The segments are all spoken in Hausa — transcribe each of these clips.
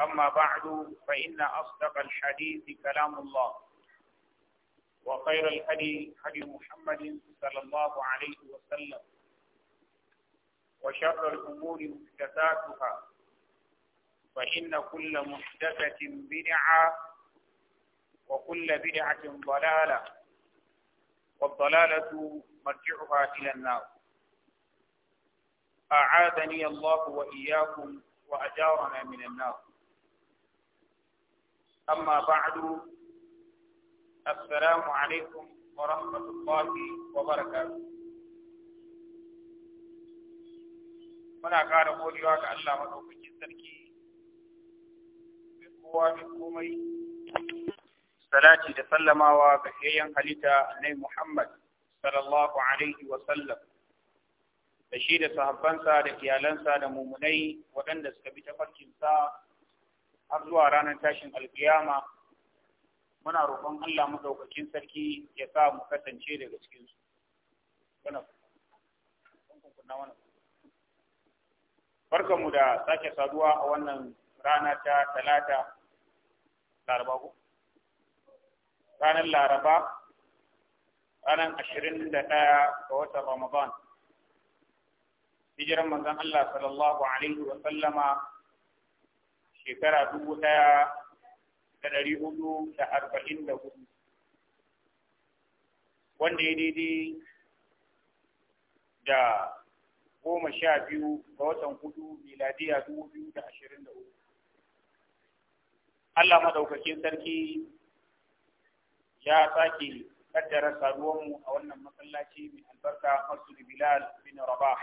أما بعد فإن أصدق الحديث كلام الله وخير الحديث حديث محمد صلى الله عليه وسلم وشر الأمور محدثاتها فإن كل محدثة بدعة وكل بدعة ضلالة والضلالة مرجعها إلى النار أعاذني الله وإياكم وأجارنا من النار أما بعد السلام عليكم ورحمة الله وبركاته muna ƙara قولي ga Allah maɗaukakin sarki mai kowa mai komai salati da sallamawa ga yayan halitta nai Muhammad sallallahu da shi da sahabbansa da iyalansa da mummunai, waɗanda suka bi ta tafarkinsa har zuwa ranar tashin alkiyama muna roƙon Allah madaukakin sarki ya sa mu kasance daga cikin su mu da sake saduwa a wannan rana ta talata laraba ko ranar laraba ranar ashirin da ɗaya ga watan ramadan hijiran manzon Allah sallallahu alaihi wa sallama shekara dubu ɗaya da ɗari hudu da arba'in da hudu wanda ya daidai da goma sha biyu ga watan hudu miladiya dubu biyu da ashirin da hudu. Allah madaukakin sarki ya sake kaddara saduwanmu a wannan masallaci mai albarka masjid Bilal bin Rabah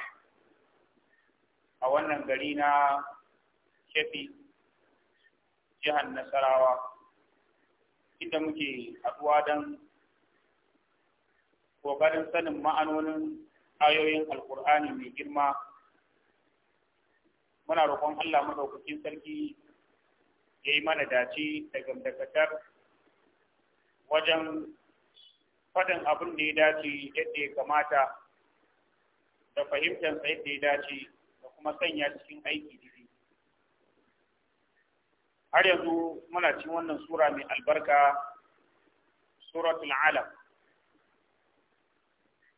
a wannan gari na Shefi jihar Nasarawa inda muke haɗuwa don ƙoƙarin sanin ma'anonin ayoyin alkur'ani mai girma muna roƙon Allah madaukakin sarki ya yi mana dace da gamdakatar wajen faɗin abin da ya dace yadda ya kamata da fahimtarsa yadda ya dace da kuma sanya cikin aiki har yanzu muna cin wannan sura mai albarka suratul alam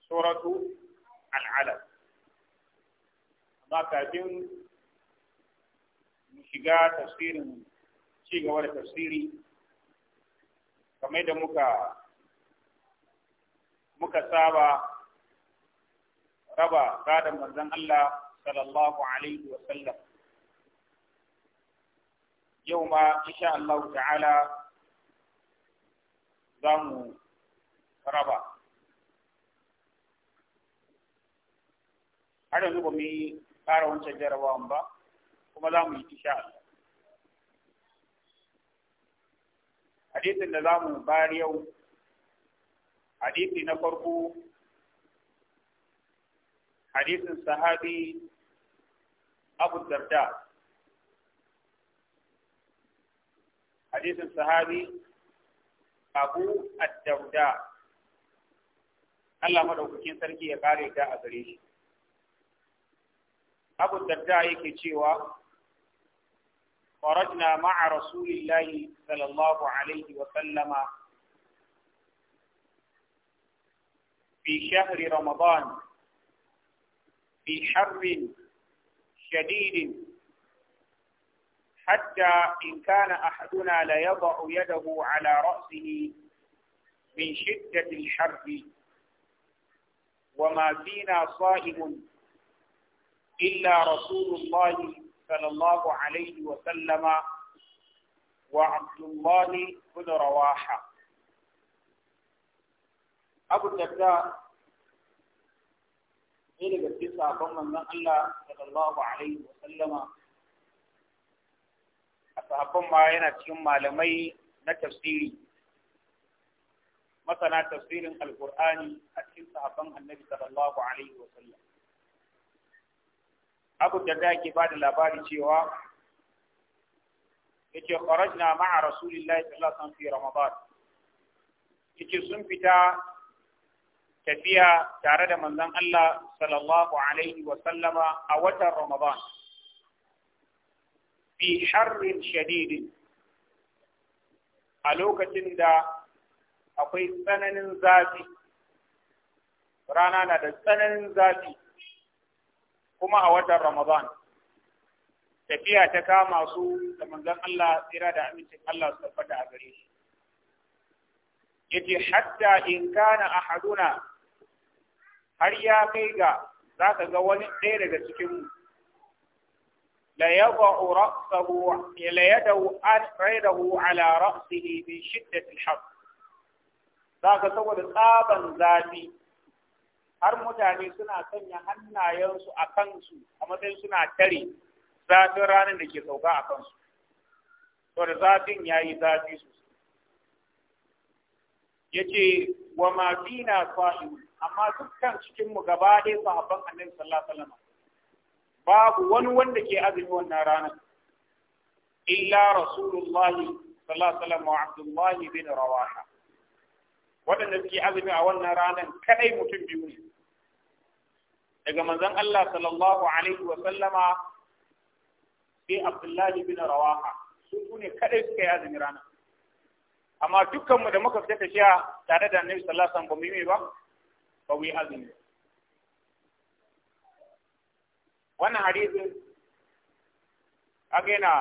suratu al'alam amma kafin mu shiga tafsirin ci gaba da tafsiri kamar da muka muka saba raba gadon manzon Allah sallallahu alaihi wa sallam yau ma insha Allah ta'ala za mu raba har yanzu ba mu yi ƙara wancan jarabawan ba kuma za mu yi insha Allah hadisin da za mu bayar yau hadisi na farko hadisin sahabi abu darda حديث صحابي أبو الدرداء الله مدوكين سركي يقاري دا أغريش أبو الدرداء يكي تشيوا خرجنا مع رسول الله صلى الله عليه وسلم في شهر رمضان في حر شديد حتى إن كان أحدنا ليضع يده على رأسه من شدة الحرب وما فينا صائم إلا رسول الله صلى الله عليه وسلم وعبد الله بن رواحة أبو الدرداء إلى قد تسعة الله صلى الله عليه وسلم a sahabban ma yana cikin malamai na tafsiri masana tafsirin alkur'ani a cikin sahabban annabi sallallahu alaihi wa sallam abu da da ke bada labari cewa yace kharajna ma'a rasulillahi sallallahu alaihi wa sallam fi ramadan yace sun fita tafiya tare da manzon Allah sallallahu alaihi wa sallama a watan Ramadan fi sharrin shadidin a lokacin da akwai tsananin zafi rana na da tsananin zafi kuma a watan ramadan tafiya ta kama su da manzan Allah tsira da amincin Allah su tabbata a gare shi yace hatta in kana ahaduna har ya kai ga zaka ga wani ɗaya daga cikin mu la yadau ra'sahu la yadau raidahu ala ra'sihi min shiddati al zaka saboda tsaban zafi har mutane suna sanya hannayensu a kansu a matsayin suna tare zafin ranar da ke sauka a kansu saboda zafin ya yi zafi sosai ya ce wa ma fina sa'ilu amma dukkan cikinmu gaba ɗaya sahabban annabi sallallahu alaihi wasallam babu wani wanda ke azumi wannan ranar illa rasulullahi sallallahu alaihi wa abdullahi bin rawaha Wadanda suke azumi a wannan ranar kadai mutum biyu ne daga manzon Allah sallallahu alaihi wa sallama sai abdullahi bin rawaha su ne kadai suka yi azumi ranar amma dukkanmu da muka fita tafiya tare da annabi sallallahu alaihi wa sallam ba mu yi ba ba mu yi azumi wannan hadisin kaga yana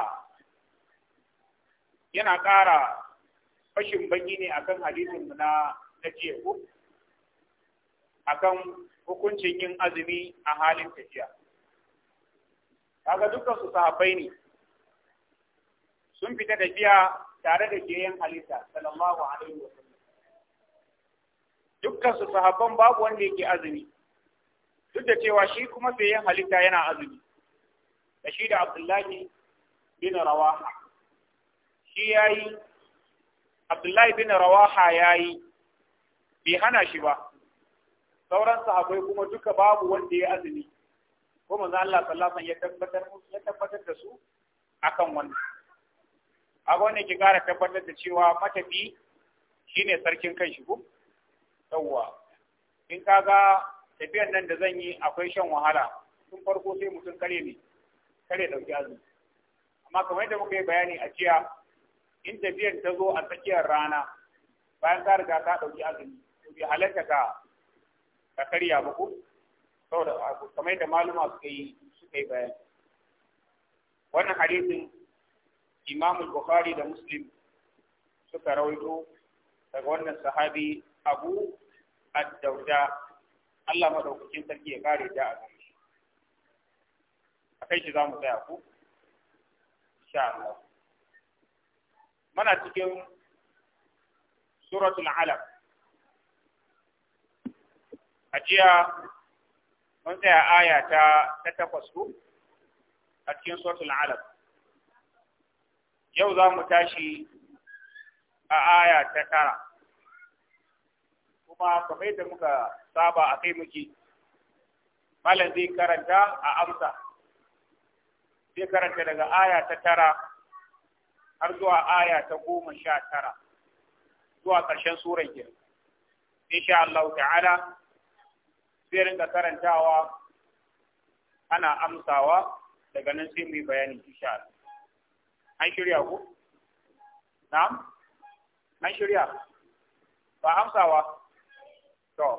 yana ƙara fashin baki ne akan hadisin na na jiya ko akan hukuncin yin azumi a halin tafiya kaga dukkan su sahabbai ne sun fita tafiya tare da jeyen halitta sallallahu alaihi wa sallam dukkan su sahabban babu wanda yake azumi duk da cewa shi kuma yin halitta yana azumi da shi da abdullahi bin rawaha shi yayi abdullahi bin rawaha yayi bai hana shi ba sauran akwai kuma duka babu wanda ya azumi ko manzo Allah sallallahu alaihi wasallam ya tabbatar ya tabbatar da su akan wannan abu ne ki kara tabbatar da cewa matafi shine sarkin kan shi ko yawwa in kaga tafiyan nan da zan yi akwai shan wahala tun farko sai mutum kare ne kare dauki azumi amma kamar yadda muka yi bayani a jiya in tafiyan ta zo a tsakiyar rana bayan ka riga ka dauki azumi to bai halarta ka ka karya ba ko saboda kamar yadda maluma suka yi suka yi bayani wannan hadisin Imam Bukhari da Muslim suka rawaito daga wannan sahabi Abu ad Allah madaukakin sarki ya kare da a gare shi akai shi mu tsaya ku insha Allah mana cikin suratul alaq a jiya mun tsaya aya ta ta takwas ku a cikin suratul alaq yau za mu tashi a aya ta tara kuma kamar yadda muka saba a kai muke malam zai karanta a amsa zai karanta daga aya ta tara har zuwa aya ta goma sha tara zuwa ƙarshen surar ke insha Allah ta'ala sai rinka karantawa ana amsawa daga nan sai mu yi bayani insha Allah an shirya ku na'am an shirya ba amsawa to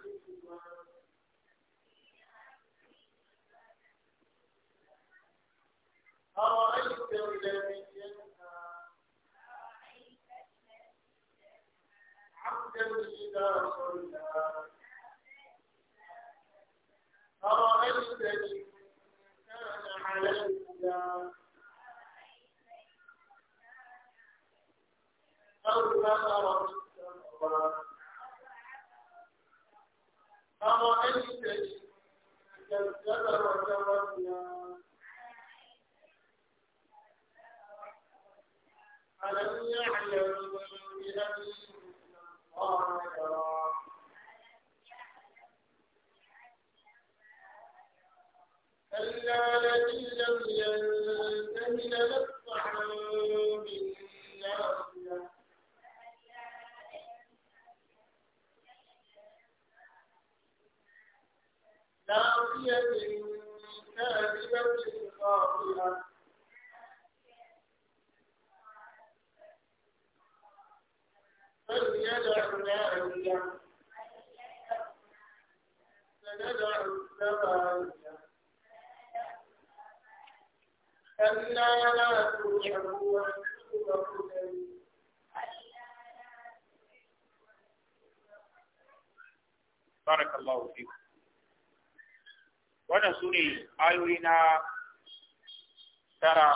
أرأيت الذي ينهى عبدا إذا أرأيت إن كان على الهدى أرأيت إن كذب وتولى ألم يعلم بأن الله يراه كلا لئن لم ينته لنقطعا بالناصية ناصية ne ayoyi na tara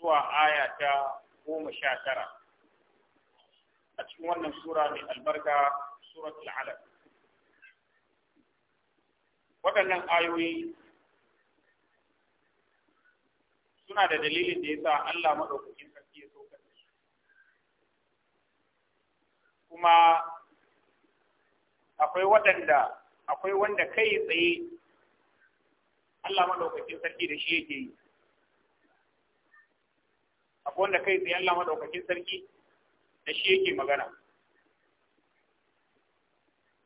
zuwa aya ta goma sha tara a cikin wannan sura mai albarka suratul alaq waɗannan ayoyi suna da dalilin da ya sa Allah maɗaukakin sarki ya saukar da shi. kuma akwai waɗanda akwai wanda kai tsaye Allah madaukakin sarki da shi yake yi akwai wanda kai tsaye Allah madaukakin sarki da shi yake magana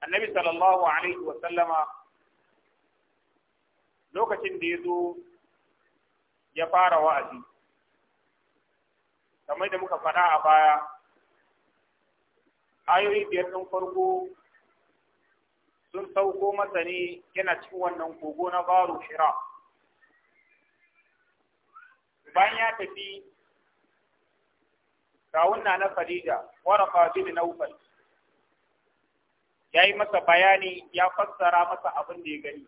annabi sallallahu alaihi wa sallama lokacin da ya zo ya fara wa'azi kamar da muka faɗa a baya ayoyi biyar ɗin farko sun sauko masa ne yana cikin wannan kogo na baro shira bayan ya tafi Kawun na Khadija waraka bin Ya yayi masa bayani ya fassara masa abin da ya gani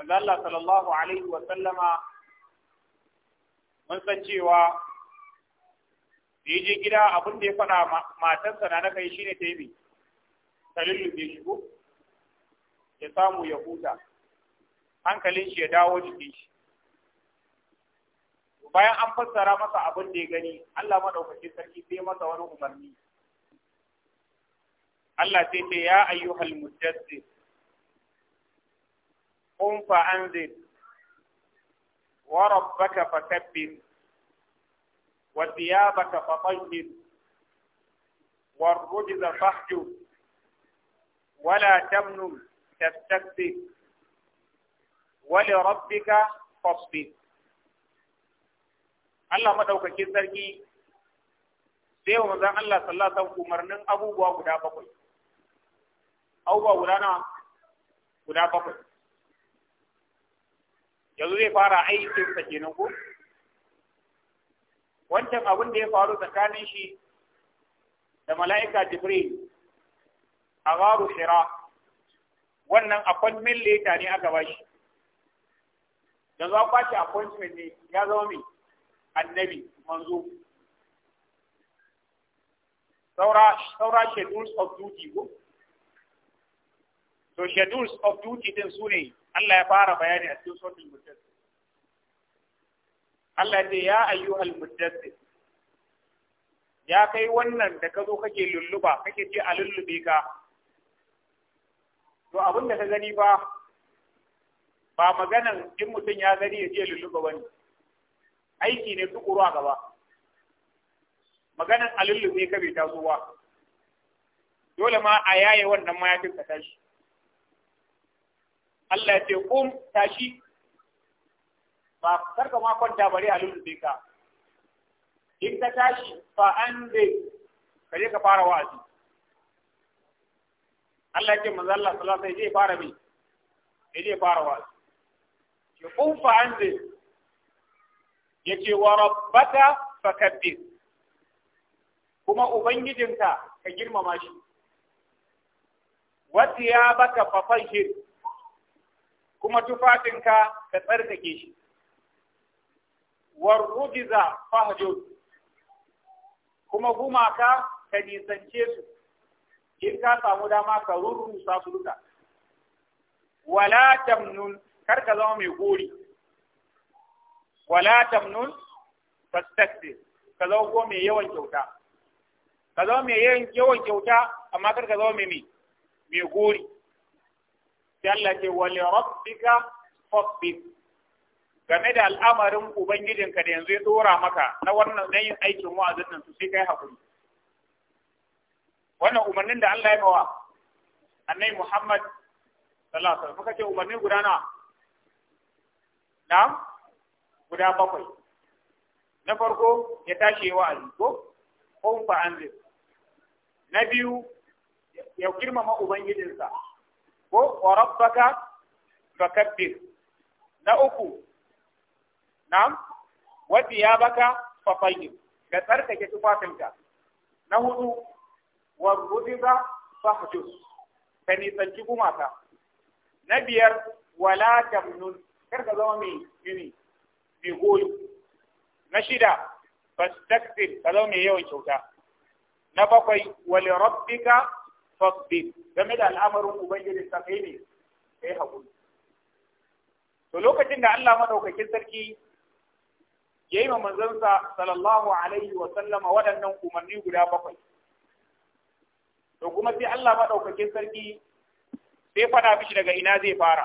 Allah sallallahu alaihi wa sallama mun san cewa da yaje gida abin da ya faɗa matarsa na kai shine ta yi ta lullube shigo? ya samu ya huta hankalin shi ya dawo jikin shi bayan an fassara masa abin da ya gani Allah madaukaki sarki sai masa wani umarni Allah sai ce ya ayyuhal mujaddid qum fa anzir wa rabbaka fakabbir wa thiyabaka fatayyib wa rujza fahjur ولا تمنن تستكبر ولربك فاصبر Allah madaukakin sarki sai wa manzon Allah sallallahu alaihi wasallam umarnin abubuwa guda bakwai abubuwa guda na guda bakwai yanzu zai fara aikin sa kenan ko wancan abin da ya faru tsakanin shi da mala'ika Jibril a garu shira wannan appointment leta ne aka ba shi za ku kwace appointment ne ya zama mai annabi manzo saura saura schedules of duty ko to schedules of duty din su ne Allah ya fara bayani a cikin suratul muddathir Allah ce ya ayyuhal muddathir ya kai wannan da ka zo kake lulluba kake ce a lullube ka to abin da ta gani ba ba maganan in mutum ya gani ya je lulluɓa ba ne aiki ne tukuru a gaba maganan a ka bai ba dole ma a yaye wannan mayafin ka tashi Allah ya ce kum tashi ba karka ma kwanta bare a lullube ka in ka tashi fa an zai ka ka fara wa'azi Allah ya ce manzo Allah sallallahu alaihi zai fara mai sai zai fara wa ki kufa Ya yace wa rabbaka fakabbir kuma ubangijinka ka girmama shi wa thiyabaka fafahir kuma tufafinka ka tsarkake shi warrujiza fahjud kuma gumaka ka nisance su in ka samu dama ka rurru su duka wala tamnun kar ka zama mai gori wala tamnun fastakti ka zama ko mai yawan kyauta ka zama mai yawan kyauta amma kar ka zama mai mai gori sai Allah ce wali rabbika fasbir game da al'amarin ubangijinka da yanzu ya dora maka na wannan yin aikin wa'azin nan su sai kai hakuri wannan umarnin da Allah ya bawa annai Muhammad sallallahu alaihi wasallam kace ce umarni guda na na'am guda bakwai na farko ya tashi wa ko ko fa anzir na biyu ya girmama ubangijinsa ko wa rabbaka fakabbir na uku na'am wa thiyabaka fafayyib da tsarkake tufafinka na hudu wa rubiza fahjus ka nisanci ta. na biyar wala tamnun kar ka zama mai yini mai goyo na shida fastakbir ka zama mai yawan kyauta na bakwai wali rabbika fasbir game da al'amarin ubangiji ta kai ne kai hakuri to lokacin da Allah madaukakin sarki yayi ma manzansa sallallahu alaihi wa sallama waɗannan umarni guda bakwai to kuma sai Allah maɗaukakin sarki sai faɗa mishi daga ina zai fara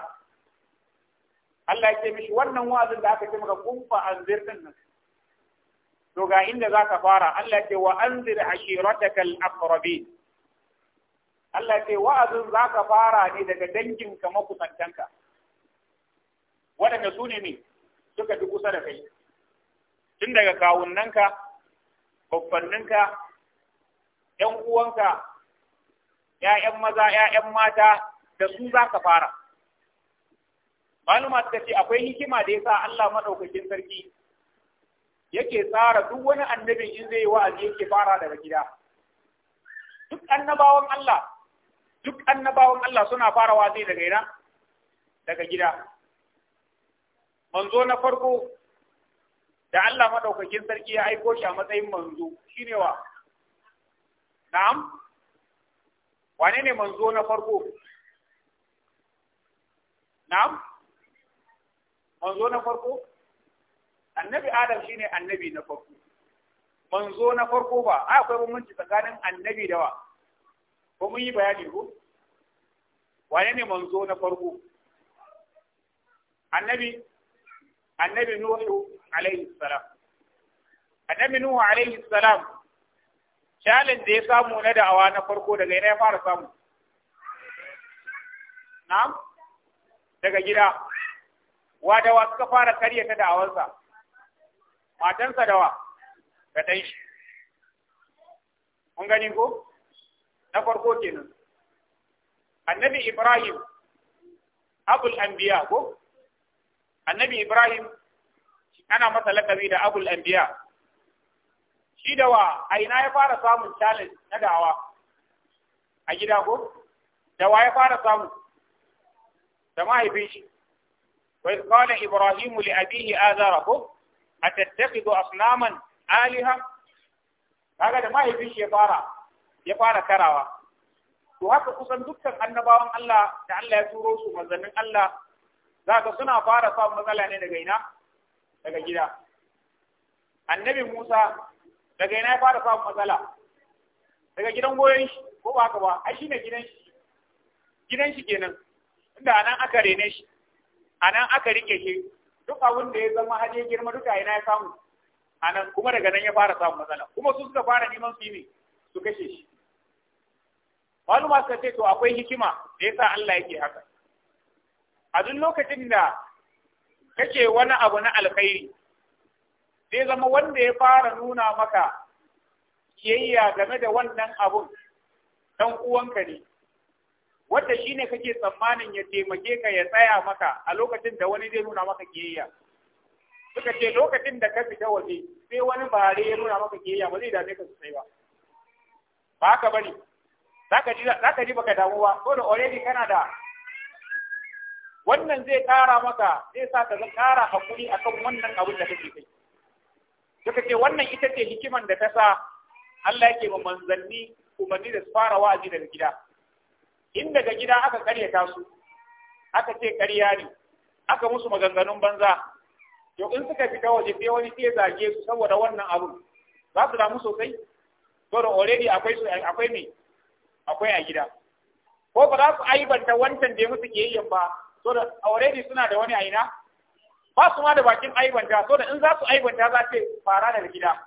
Allah ya ce mishi wannan wa'azin da aka ce maka kumfa anzir din nan to ga inda zaka fara Allah ya ce wa anzir ashirataka al-aqrabin Allah ya ce wa'azin zaka fara ne daga danginka makusantanka waɗanda su ne ne suka fi kusa da kai tun daga kawunnanka babbanninka ‘yan uwanka ‘ya'yan maza, ‘ya'yan mata, da su za ka fara. Maluma suka ce akwai hikima da ya sa Allah maɗaukakin sarki yake tsara duk wani annabin in zai yi wa'azi yake fara daga gida. Duk annabawan Allah, duk annabawan Allah suna fara wa'azi daga ina? Daga gida. Manzo na farko da Allah maɗaukakin sarki ya aiko shi a matsayin manzo, shi wa? Na'am? wane ne manzo na farko na'am manzo na farko annabi adam shine annabi na farko manzo na farko ba a akwai bambanci tsakanin annabi da wa ko mun yi bayani ko wane ne manzo na farko annabi annabi nuhu alaihi salam annabi nuhu alaihi salam challenge da ya samu na da'awa na farko daga ina ya fara samu na'am daga gida dawa suka fara karya ta da'awarsa matansa dawa da ɗan shi mun gani ko na farko kenan annabi ibrahim abul anbiya ko annabi ibrahim ana masa lakabi da abul anbiya shi da wa a ina ya fara samun challenge na dawa a gida ko da wa ya fara samu da mahaifin shi wa iz qala ibrahimu li abihi azara ko atattakhidhu asnaman aliha kaga da mahaifin shi ya fara ya fara karawa to haka kusan dukkan annabawan Allah da Allah ya turo su manzannin Allah zaka suna fara samun matsala ne daga ina daga gida annabi Musa daga ina ya fara samun matsala daga gidan goyon shi ko ba haka ba ai ne gidan shi gidan shi kenan inda anan aka rene shi anan aka rike shi duk abin da ya zama har girma duka ina ya samu anan kuma daga nan ya fara samun matsala kuma su suka fara neman su su kashe shi maluma suka ce to akwai hikima da yasa Allah yake haka a duk lokacin da kake wani abu na alkhairi sai zama wanda ya fara nuna maka kiyayya game da wannan abun dan uwanka ne wanda shine kake tsammanin ya taimake ka ya tsaya maka a lokacin da wani zai nuna maka kiyayya suka ce lokacin da ka fita waje sai wani bare ya nuna maka kiyayya ba zai dame ka sosai ba ba haka bane zaka ji zaka ji baka damu ba ko da already kana da wannan zai kara maka zai sa ka kara hakuri akan wannan abin da kake kai suka ce wannan ita ce hikiman da ta sa Allah yake ma manzanni umarni da su fara wa'azi daga gida in daga gida aka karyata su aka ce karya ne aka musu maganganun banza to in suka fita waje sai wani sai zage su saboda wannan abu za su damu sosai to da already akwai su akwai me akwai a gida ko ba za su aibanta wancan da musu ke yi ba to da already suna da wani aina ba su ma da bakin aibanta so da in za su aibanta za ce fara daga gida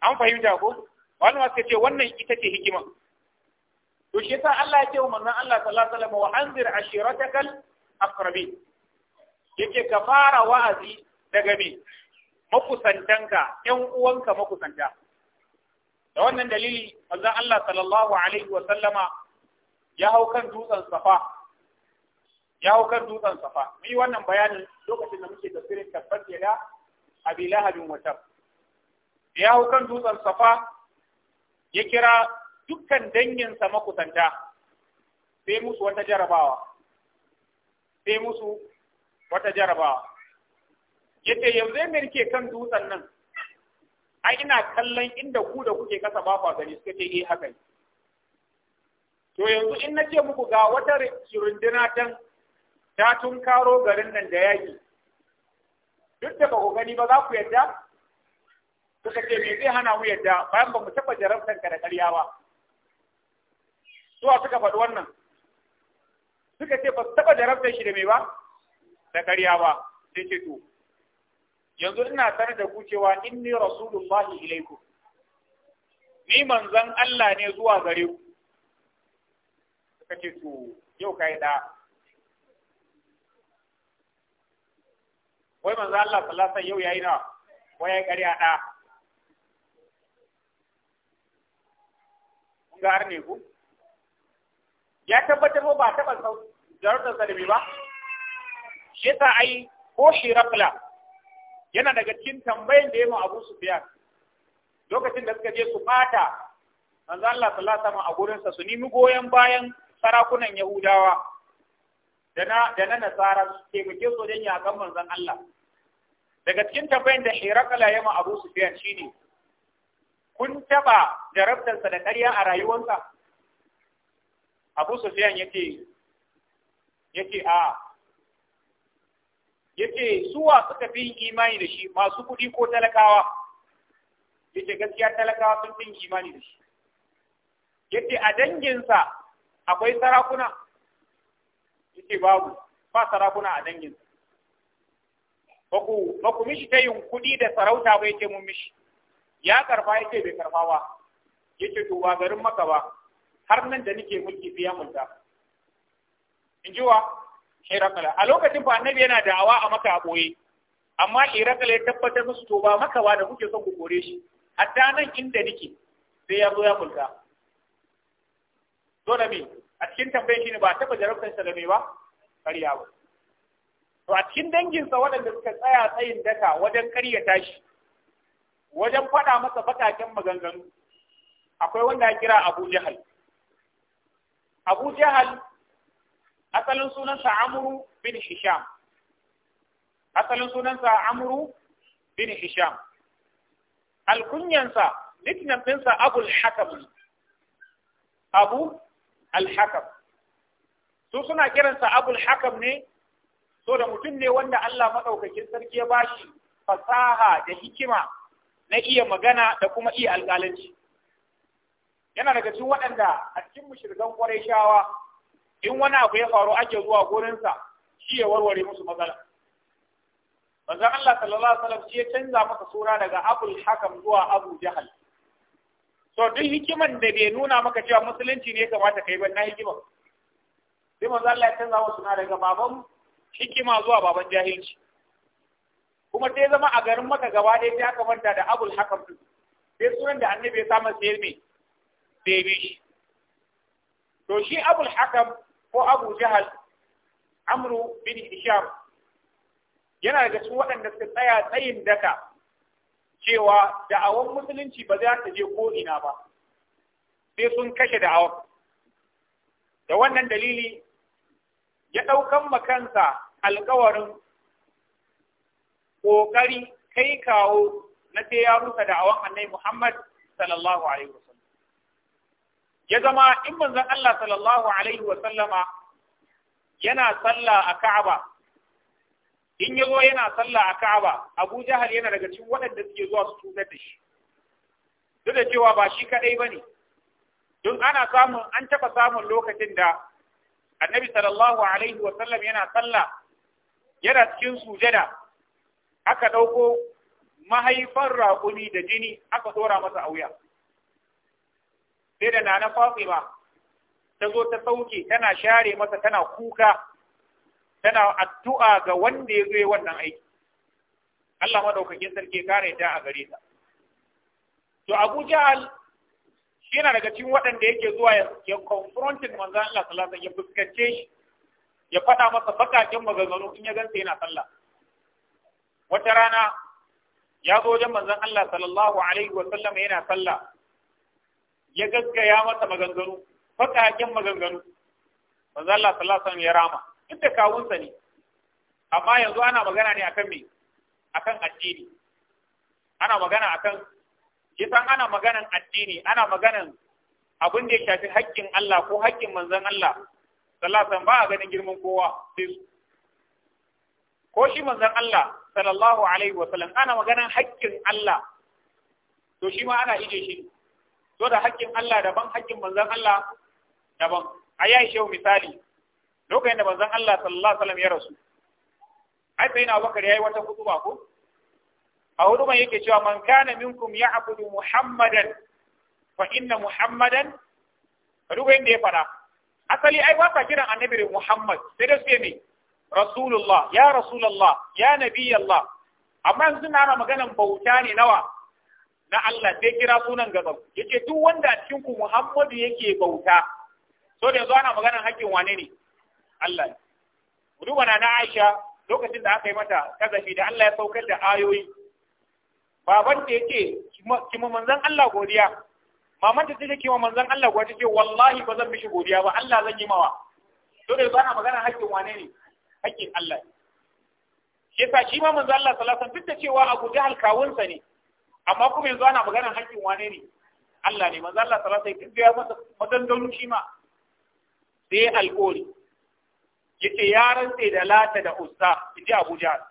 an fahimta ko wannan suka ce wannan ita ce hikima to shi yasa Allah ya ce wa manzon Allah sallallahu alaihi wa anzir ashiratakal aqrabi yake ka fara wa'azi daga me makusantanka ƴan uwanka makusanta da wannan dalili manzon Allah sallallahu alaihi Sallama ya hau kan dutsen safa ya kan dutsen safa mun yi wannan bayanin lokacin da muke da tabbat ya da abi lahabin wata ya kan dutsen safa ya kira dukkan danginsa makusanta sai musu wata jarabawa sai musu wata jarabawa yace yanzu ya nake kan dutsen nan ai ina kallon inda ku da kuke kasa ba fa gani suka ce eh haka ne to yanzu in na ce muku ga wata rundina tan ta tunkaro garin nan da yaƙi duk da ba ku gani ba za ku yadda suka ce me zai hana mu yadda bayan ba mu taɓa jarabtar ka da ƙarya ba suwa suka faɗi wannan suka ce ba su taɓa jarabtar shi da me ba da ƙarya ba sai ce to yanzu ina sanar da ku cewa inni rasulullahi ilaikum ni manzon Allah ne zuwa gare ku suka ce to yau kai da wai manzo Allah sallallahu alaihi yau yayi nawa wai yayi ƙarya da kun ga ne ku ya tabbatar ba taɓa sau da salimi ba shi ta ai ko shirafla yana daga cikin tambayin da ya ma Abu Sufyan lokacin da suka je su fata manzo Allah sallallahu alaihi wasallam a sa su nemi goyon bayan sarakunan Yahudawa da na nasara su taimake sojan wajen yakan manzon Allah daga cikin tambayin da Hirakala ya ma Abu Sufyan shine kun taba jarabtarsa da ƙarya a rayuwarsa Abu Sufyan yake yake a yake suwa suka fi imani da shi masu kuɗi ko talakawa yake gaskiya talakawa sun fi imani da shi yake a danginsa akwai sarakuna yace babu ba sarakuna a dangin Ba ku mishi ta yin kuɗi da sarauta ba yake mun mishi ya karfa yake bai karfa ba yake to ba garin maka ba har nan da nake mulki sai ya mulka in ji wa Hirakala a lokacin fa annabi yana da'awa a maka a boye amma Hirakala ya tabbatar musu to ba maka ba da kuke son ku kore shi hatta nan inda nake sai ya zo ya mulka dole me a cikin tambayar shi ne ba taɓa jarabtarsa da mai ba ƙarya ba to a cikin danginsa waɗanda suka tsaya tsayin daka wajen ƙaryata shi wajen faɗa masa baƙaƙen maganganu akwai wanda ya kira Abu Jahal Abu Jahal asalin sunansa Amru bin Hisham asalin sunansa Amru bin Hisham alkunyansa nickname ɗinsa Abul Hakam Abu Alhakam, su suna kiransa abul hakam ne so da mutum ne wanda Allah maɗaukakin sarki ya bashi fasaha da hikima na iya magana da kuma iya alƙalanci yana daga cikin waɗanda a cikin mushirgan shawa, in wani abu ya faru ake zuwa gurinsa shi ya warware musu matsala manzon Allah sallallahu alaihi wasallam shi ya canza masa sura daga abul hakam zuwa abu jahal to duk hikiman da bai nuna maka cewa musulunci ne kamata kai ban na hikiman sai manzo Allah ya canza suna daga baban hikima zuwa baban jahilci kuma sai zama a garin maka gaba ɗaya ya aka manta da abul hakam din sai sunan da annabi ya samu sai me sai shi to shi abul hakam ko abu jahal amru bin hisham yana daga cikin waɗanda suka tsaya tsayin daka cewa da'awar musulunci ba za ta je ko ina ba sai sun kashe da'awar. da wannan dalili ya ɗaukan makansa alkawarin ƙoƙari kai kawo na sai ya rusa da'awan annai Muhammad sallallahu alaihi wasallam ya zama in manzon Allah sallallahu alaihi wasallama yana sallah a Ka'aba in ya zo yana sallah a Ka'aba Abu Jahal yana daga cikin waɗanda suke zuwa su cutar da shi duk da cewa ba shi kadai bane don ana samun an taɓa samun lokacin da Annabi sallallahu alaihi wa sallam yana sallah yana cikin sujada aka ɗauko mahaifar raƙumi da jini aka ɗora masa a wuya sai da nana Fatima ta zo ta sauke tana share masa tana kuka tana addu'a ga wanda ya zo wannan aiki Allah maɗaukakin sarki kare ta a gare ta to Abu Jahal shi yana daga cikin waɗanda yake zuwa ya confronting manzan Allah sallallahu ya fuskace shi ya faɗa masa bakakin maganganu in ya gansa yana sallah wata rana ya zo wajen manzan Allah sallallahu alaihi wa sallam yana sallah ya gaskaya masa maganganu fakakin maganganu manzan Allah sallallahu alaihi ya rama inda kawunsa ne amma yanzu ana magana ne akan me akan addini ana magana akan kisan ana maganan addini ana maganan abin da ya shafi haƙƙin Allah ko haƙƙin manzon Allah sallallahu alaihi ba a ganin girman kowa sai su ko shi manzon Allah sallallahu alaihi wa sallam ana maganan haƙƙin Allah to shi ma ana ije shi to da haƙƙin Allah daban haƙƙin manzon Allah daban a shi misali lokacin da manzon Allah sallallahu alaihi wasallam ya rasu ai sai na Abubakar yayi wata hutuba ko a hutuban yake cewa man kana minkum ya'budu Muhammadan fa inna Muhammadan lokacin da ya fara asali ai ba sa kiran annabi Muhammad sai da su ne Rasulullah ya Rasulullah ya nabiyallah. Allah amma yanzu na maganan bauta ne nawa na Allah sai kira sunan gaba yace duk wanda a cikin ku Muhammadu yake bauta so da yanzu ana maganan hakkin wane ne Allah ne duba na Aisha lokacin da aka yi mata kazafi da Allah ya saukar da ayoyi baban ta yake kima manzan Allah godiya maman ta ce kima manzan Allah godiya ce wallahi ba zan mishi godiya ba Allah zan yi mawa dole ba na magana hakkin wane ne hakkin Allah ne shi yasa shi ma manzon Allah salasan duk da cewa a guji halkawunsa ne amma kuma yanzu ana magana hakkin wane ne Allah ne manzon Allah salasan alaihi wasallam ya masa madandalu shi ma sai alƙori yace ya rantse da lata da usta inji abuja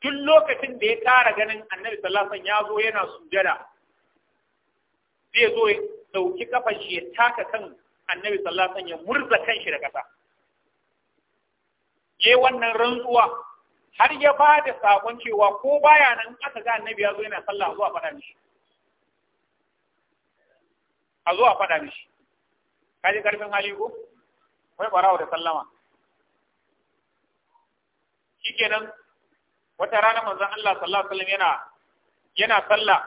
duk lokacin da ya kara ganin Annabi sallallahu alaihi ya zo yana sujada zai zo ya dauki kafan shi ya taka kan Annabi sallallahu ya murza kan shi da kasa ya wannan rantsuwa har ya ba da sakon cewa ko baya nan aka ga Annabi ya zo yana sallah zuwa fada mishi a zuwa fada mishi kaji karfin hali ko wai barawo da sallama Shi kenan wata rana manzon Allah sallallahu alaihi wasallam yana yana sallah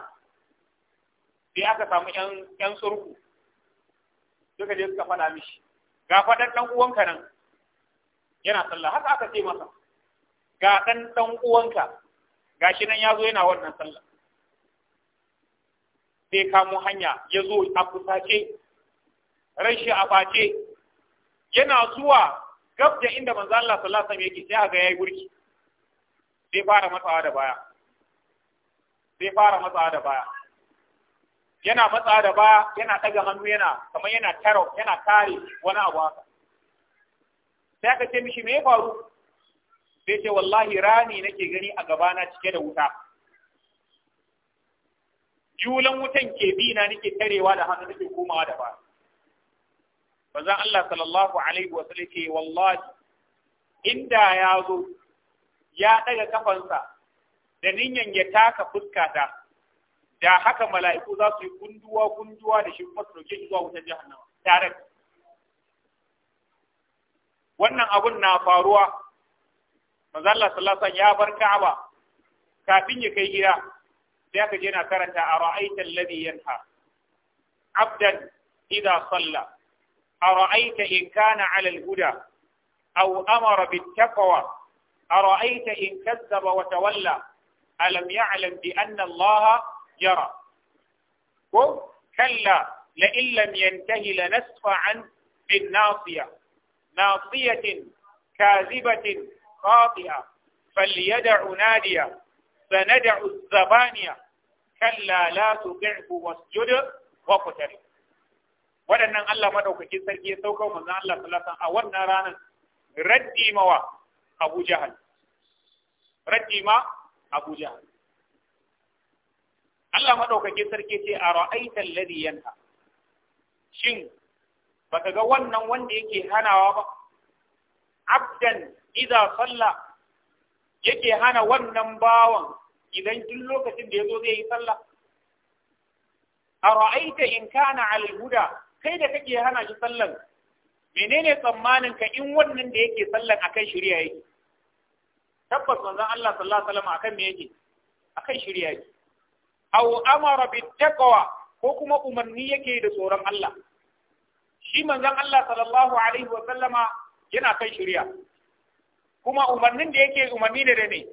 sai aka samu yan yan surku duka je suka faɗa mishi ga faɗan ɗan uwanka nan yana sallah haka aka ce masa ga ɗan ɗan uwanka gashi nan ya zo yana wannan sallah sai kamo hanya ya zo a kusace ran shi a ɓace yana zuwa gab da inda manzo Allah sallallahu alaihi wasallam yake sai aga yayi burki sai fara matsawa da baya sai fara matsawa da baya yana matsawa da baya yana daga hannu yana kamar yana tarau yana kare wani abu haka sai aka ce mishi me faru sai ce wallahi rani nake gani a gabana cike da wuta julan wutan ke bi na nake tarewa da hannu nake komawa da baya manzon Allah sallallahu alaihi wa sallam ke wallahi inda ya zo ya daga kafansa da ninyan ya taka fuska ta da haka mala'iku za su yi gunduwa gunduwa da shi kuma su roke shi zuwa wutar jahannama tare wannan abun na faruwa manzo Allah sallallahu alaihi ya bar Ka'aba kafin ya kai gida sai aka je na karanta a ra'aitan ladhi yanha abdan idza salla أرأيت إن كان على الهدى أو أمر بالتقوى أرأيت إن كذب وتولى ألم يعلم بأن الله يرى كلا لئن لم ينتهي لنسفعا بالناصية ناصية كاذبة خاطئة فليدع نادية سندع الزبانية كلا لا تطعه واسجد واقترب waɗannan Allah maɗaukaki sarki ya sauka manzon Allah sallallahu alaihi a wannan ranar raddi mawa Abu Jahal raddi ma Abu Jahal Allah maɗaukaki sarki ce a ra'aita alladhi yanha shin baka ga wannan wanda yake hanawa ba abdan idza salla yake hana wannan bawan idan duk lokacin da ya zo zai yi sallah a ra'aita in kana al huda kai da kake hana shi sallan menene tsammanin ka in wannan da yake sallan akan shirya yake tabbas manzon Allah sallallahu alaihi wasallam akan me yake akan shirya yake aw amara bit taqwa ko kuma umarni yake da tsoron Allah shi manzon Allah sallallahu alaihi wasallama yana kan shirya kuma umarnin da yake umarni da ne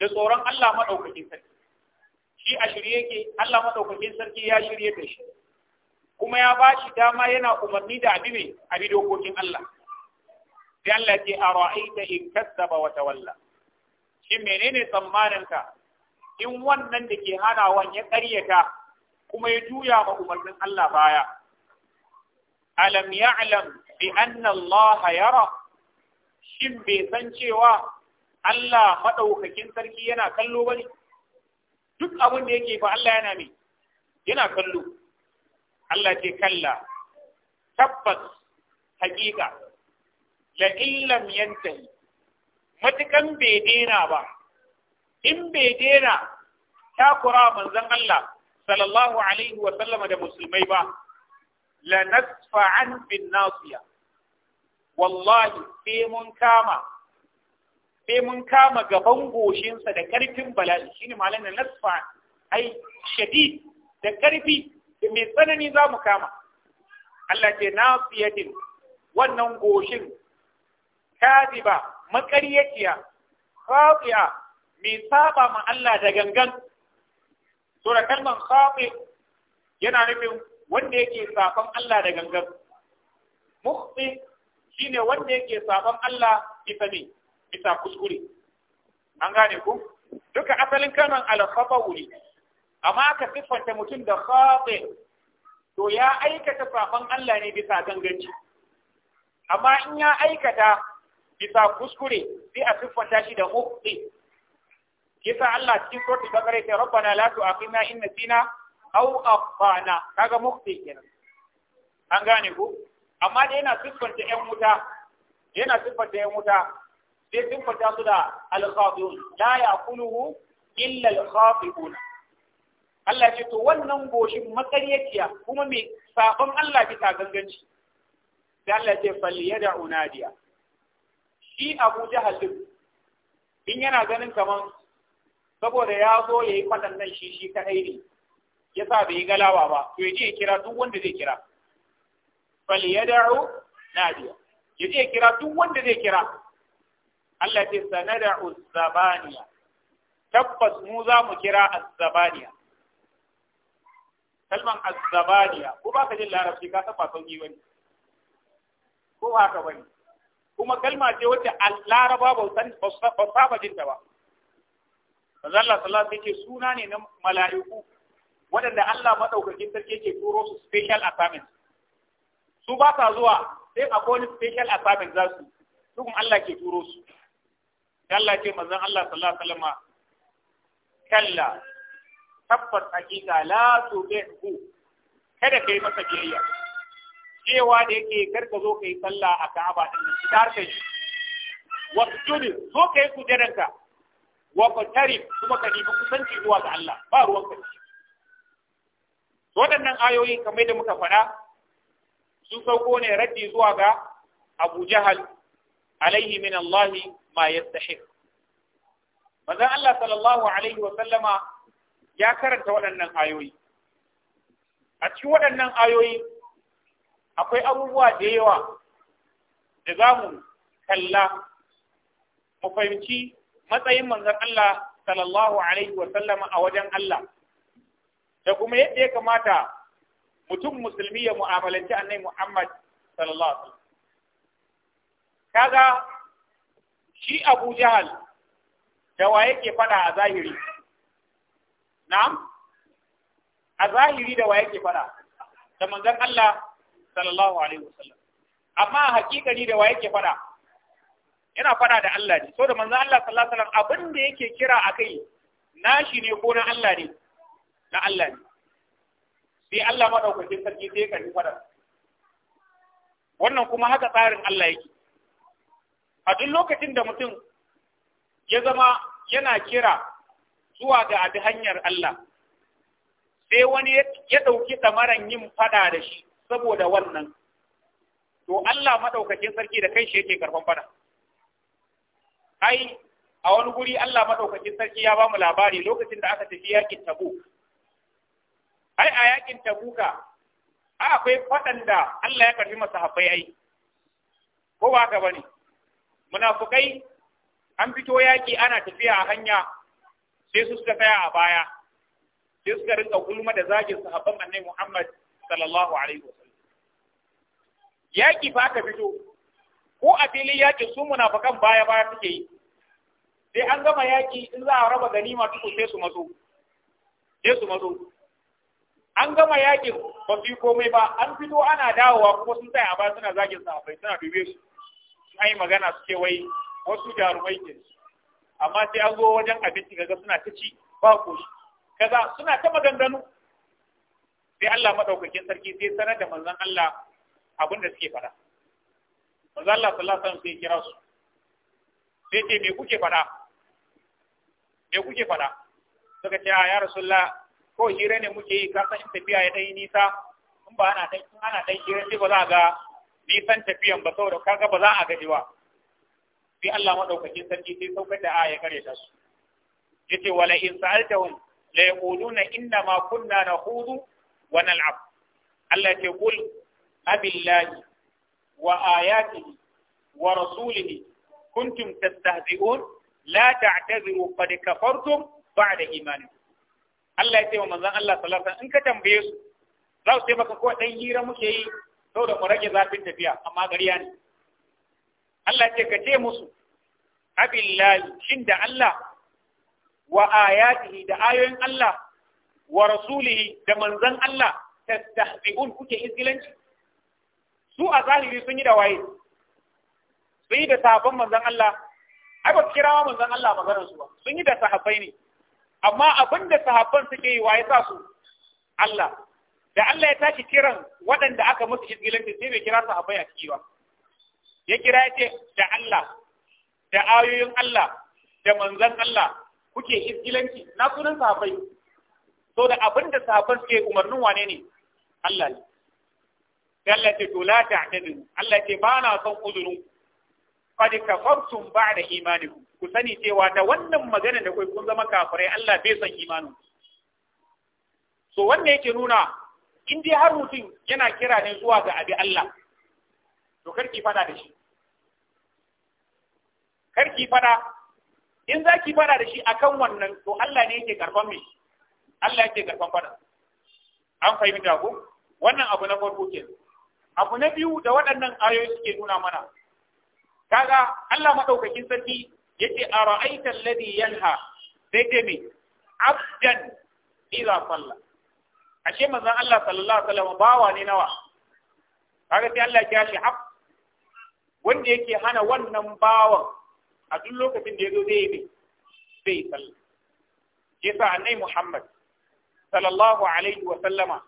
da tsoron Allah madaukakin sarki shi a shirye yake Allah madaukakin sarki ya shirye da shi kuma ya ba shi dama yana umarni da abi ne abi dokokin Allah sai Allah ce a ra'aita in kazzaba wa tawalla Shin menene tsammanin ka in wannan da ke hanawan ya ƙaryata kuma ya juya ma umarnin Allah baya alam ya'lam bi anna Allah yara shin bai san cewa Allah maɗaukakin sarki yana kallo bane duk abin da yake fa Allah yana ne yana kallo Allah ce kalla tabbas haƙiƙa la illam yantahi matukan bai dena ba in bai dena takura manzon Allah sallallahu alaihi wa sallama da musulmai ba la nasfa'an bin nasiya wallahi sai mun kama sai mun kama gaban goshinsa da karfin bala'i shine malan nasfa ai shadid da karfi mai tsanani za mu kama Allah ce na siyatin wannan goshin kadiba makaryaciya khati'a mai saba ma Allah da gangan Sura kalman khati yana nufin wanda yake safan Allah da gangan mukhti shine wanda yake safan Allah bisa ne, bisa kuskure an gane ku duka asalin kanan alfafa wuri. amma aka siffanta mutum da khati to ya aikata saban Allah ne bisa ganganci amma in ya aikata bisa kuskure sai a siffanta shi da mukhti kisa Allah cikin na latu a ce rabbana la tu'akhidna in nasina aw akhtana kaga mukhti kenan an gane ku amma da yana siffanta yan wuta yana siffanta yan wuta sai siffanta su da al-khati'un la ya'kuluhu illa al-khati'un Allah ce to wannan goshin makaryaciya kuma mai sabon Allah bisa ganganci da Allah ce ya da'u unadiya shi Abu Jahal din in yana ganin kaman saboda ya zo ya yi faɗannan shi shi ta aini ya sa bai yi galawa ba to ya je ya kira duk wanda zai kira falyada'u nadiya ya je ya kira duk wanda zai kira Allah ce sanada'u zabaniya tabbas mu za mu kira az kalman azzabaniya ko ba ka jin larabci ka san ba sauki wani ko haka bane kuma kalma ce wacce laraba ba san ba saba jin ta ba manzo Allah sallallahu alaihi wasallam suna ne na mala'iku waɗanda Allah madaukakin sarki yake turo su special assignment su ba sa zuwa sai akwai wani special assignment za su su kuma Allah ke turo su Allah ce manzon Allah sallallahu alaihi wasallam kalla tabbas hakika la bihu kada kai masa biyayya cewa da yake kar ka zo kai sallah a Ka'aba din nan dar kai wasjud zo kai kujeranka wa qatarib kuma ka nemi kusanci zuwa ga Allah ba ruwan ka waɗannan ayoyi kamar da muka faɗa sun sauko ne raddi zuwa ga Abu Jahal alaihi min Allah ma yastahiq manzon Allah sallallahu alaihi wa sallama ya karanta waɗannan ayoyi a cikin waɗannan ayoyi akwai abubuwa da yawa da za mu kalla mu fahimci matsayin manzon Allah sallallahu alaihi a wajen Allah da kuma yadda ya kamata mutum musulmi ya mu'amalanci annabi Muhammad sallallahu alaihi kaga shi Abu Jahal da wa yake fada a zahiri na'am a zahiri da wa yake fara, da manzon Allah sallallahu alaihi wasallam amma hakikani da wa yake fara, yana fara da Allah ne so da manzon Allah sallallahu alaihi wasallam abin da yake kira akai nashi ne ko na Allah ne na Allah ne sai Allah madaukakin sarki sai ka fara. wannan kuma haka tsarin Allah yake a duk lokacin da mutum ya zama yana kira zuwa ga abi hanyar Allah sai wani ya ɗauki samaran yin fada da shi saboda wannan to Allah maɗaukakin sarki da kai shi yake karfan fada ai a wani guri Allah maɗaukakin sarki ya ba mu labari lokacin da aka tafi yakin tabuk ai a yakin tabuka a akwai faɗan da Allah ya karfi masahabbai ai ko ba ka bane munafukai an fito yaki ana tafiya a hanya sai su suka tsaya a baya sai suka rinka gulma da zagin sahabban annabi Muhammad sallallahu alaihi wasallam yaki fa ka fito ko a filin yaki su munafikan baya baya suke yi sai an gama yaki in za a raba ganima tuku sai su mazo sai su mazo an gama yaki ba su yi komai ba an fito ana dawowa kuma sun tsaya a baya suna zagin sahabbai suna dube su yi magana su ce wai wasu jarumai ke su amma sai an zo wajen abinci ga suna ta ci ba koshi kaza suna ta maganganu sai Allah madaukakin sarki sai sanar da manzon Allah abin da suke faɗa manzon Allah sallallahu alaihi wasallam sai kira su sai ce me kuke faɗa me kuke faɗa suka ce ya rasulullah ko hira ne muke yi kasan in tafiya ya dai nisa in ba ana dai ana dai hira sai ba za a ga nisan tafiyan ba saboda kaga ba za a gaji ba sai Allah madaukakin sarki sai saukar da aya kare ta su yace wala in sa'altahum la yaquluna inna ma kunna nahudu wa nal'ab Allah ce kul abillahi wa ayatihi wa rasulihi kuntum tastahzi'un la ta'tadiru qad kafartum ba'da imanikum Allah ya ce wa manzon Allah sallallahu alaihi wasallam in ka tambaye su za su ce maka ko dan hira muke yi saboda mu rage zafin tafiya amma ya ne Allah ce ka ce musu abillahi shin da Allah wa ayatihi da ayoyin Allah wa rasulihi da manzan Allah ta tafi’un kuke izgilanci su a zahiri sun yi da waye sun yi da sahabban manzan Allah ai ba su wa manzan Allah maganar su ba sun yi da sahabbai ne amma abin da sahabban suke yi waye sa su Allah da Allah ya tashi kiran waɗanda aka musu izgilanci sai bai kira sahabbai a ciki ba ya kira ya ce da Allah da ayoyin Allah da manzan Allah kuke iskilanci na sunan sahabbai so da abin da sahabban suke umarnin wane ne Allah ne sai Allah ce to la ta'tadiru Allah ce ba na son uzurin qad kafartum ba'da imanikum ku sani cewa da wannan magana da kai kun zama kafirai Allah bai san imanin so wannan yake nuna in dai har mutum yana kira ne zuwa ga abi Allah to karki fada da shi karki fada in za ki fada da shi akan wannan to Allah ne yake karban mai Allah yake karban fada an da ku wannan abu na farko ke abu na biyu da waɗannan ayoyi suke nuna mana kaga Allah madaukakin sarki yace ara'aita alladhi yanha sai ce me abdan ila salla ashe manzon Allah sallallahu alaihi wasallam bawa ne nawa kaga sai Allah ya ce abd wanda yake hana wannan bawan a duk lokacin da ya zo zai yi zai sallah sa annai Muhammad sallallahu alaihi wa sallama